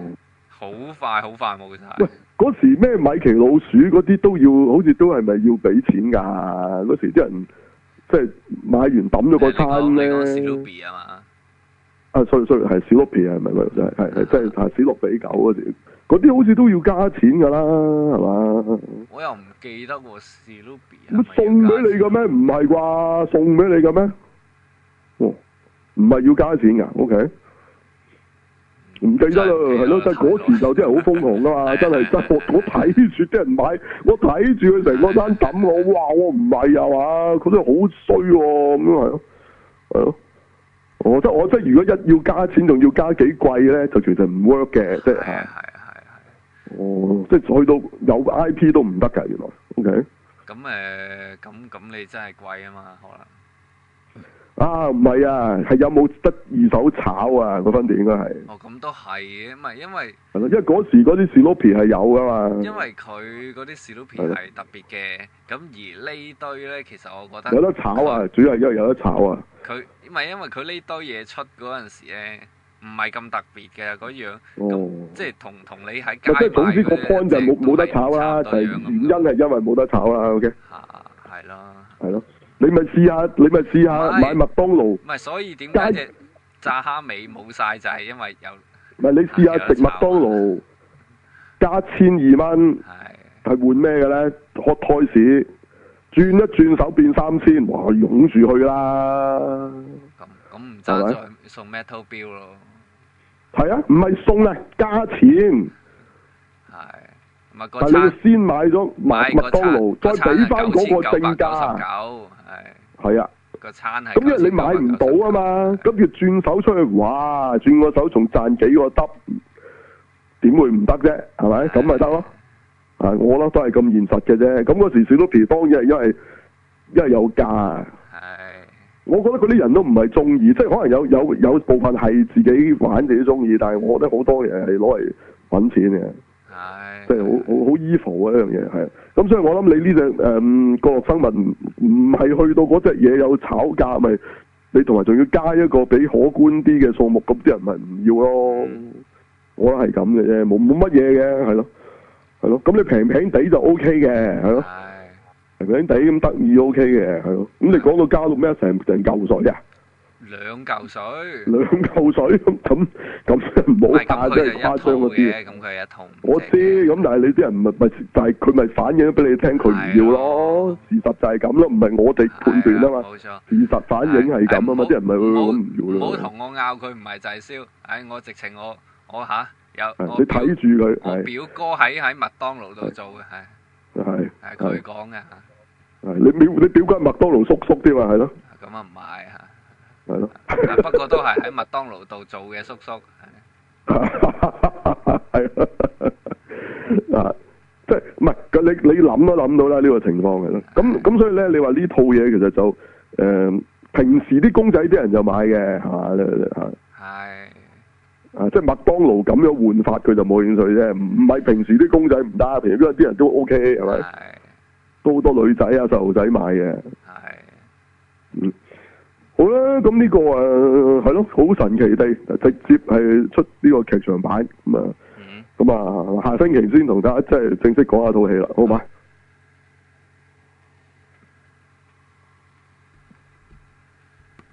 好快，好、oh. 快冇曬、就是。喂，嗰時咩米奇老鼠嗰啲都要，好似都係咪要俾錢噶？嗰時啲人即係、就是、買完抌咗個餐你啊 s o 史努比啊嘛？啊係史努比啊？係咪？係係係，真係史努比狗嗰時。 嗰啲好似都要加錢噶啦，係嘛？我又唔記得喎 s 送俾你嘅咩？唔係啩？送俾你嘅咩？唔係要加錢㗎、哦，OK？唔記得啦，係咯了。但嗰 時就真係好瘋狂㗎嘛，真係 真我睇住啲人買，我睇住佢成個單抌我，哇！我唔係啊嘛，佢都好衰喎咁樣，係咯、啊，係咯。我即我如果一要加錢，仲要加幾貴咧，就完全唔 work 嘅，即 係。係哦，即係去到有個 I P 都唔得噶，原來，OK、嗯。咁、呃、誒，咁咁你真係貴啊嘛，可能。啊，唔係啊，係有冇得二手炒啊？個分別應該係。哦，咁都係嘅，唔係因為。啊、因為嗰時嗰啲 Snoopy 係有噶嘛。因為佢嗰啲 Snoopy 係特別嘅，咁而堆呢堆咧，其實我覺得。有得炒啊！主要係因為有得炒啊。佢唔係因為佢呢堆嘢出嗰陣時咧。唔係咁特別嘅嗰樣，哦、跟跟即係同同你喺即係總之個 point 就冇冇、就是、得炒啦，就係、是、原因係因為冇得炒啦。O、okay? K、啊。係咯。係咯。你咪試下，你咪試下買麥當勞。唔係，所以點解隻炸蝦尾冇晒？就係、是、因為有。唔係你試下食麥當勞，啊、加千二蚊，係、啊啊啊、換咩嘅咧？Hot Toys，轉一轉手變三千，哇，湧住去啦。咁咁唔得，就送 Metal Build 咯。係啊，唔係送啊，加錢。係，但你先買咗買麥當勞，再俾翻嗰個正價。係。係啊。個餐係。咁因為你買唔到啊嘛，咁住轉手出去，哇，轉個手仲賺幾個得？點會唔得啫？係咪？咁咪得咯。啊， 我覺得都係咁現實嘅啫。咁嗰時小都皮當然係因為因為有價。我覺得嗰啲人都唔係中意，即係可能有有有部分係自己玩自己中意，但係我覺得好多嘢係攞嚟揾錢嘅，即係好好好 evil 嘅一樣嘢係。咁所以我諗你呢隻誒角落生物，唔係去到嗰隻嘢有炒價，咪、就是、你同埋仲要加一個比可觀啲嘅數目，咁啲人咪唔要咯。是的，我覺得係咁嘅啫，冇冇乜嘢嘅係咯，係咯。咁你平平地就 O K 嘅係咯。平平地咁得意 OK 嘅係咯，咁你講到加六咩？成成嚿水啊？兩嚿水，兩嚿水咁咁咁唔好大，真係誇張嗰啲。咁佢一桶，我知，咁但係你啲人咪咪，但係佢咪反映咗俾你聽，佢唔要咯。事實就係咁咯，唔係我哋判斷啊嘛。冇錯，事實反映係咁啊嘛，啲人咪會諗唔要咯。唔好同我拗佢，唔係就係燒。唉，我直情我我吓有你睇住佢。係表哥喺喺麥當勞度做嘅係，係係佢講嘅吓。係你表，你點解麥當勞叔叔添嘛，係咯，咁啊唔買吓，係咯。不過都係喺麥當勞度做嘅叔叔，係 是的 是的 啊，即係唔係？你你諗都諗到啦呢個情況嘅。咁咁所以咧，你話呢套嘢其實就誒、呃，平時啲公仔啲人就買嘅吓，係啊，即係、啊啊就是、麥當勞咁樣換法，佢就冇興趣啫。唔係平時啲公仔唔得，平時邊啲人都 OK 係咪？是都好多女仔啊、細路仔買嘅，係，嗯，好啦，咁呢、個啊，係、呃、咯，好神奇地直接係出呢個劇場版咁啊，咁、嗯、啊、嗯嗯，下星期先同大家即係、就是、正式講下套戲啦，好嘛？啊。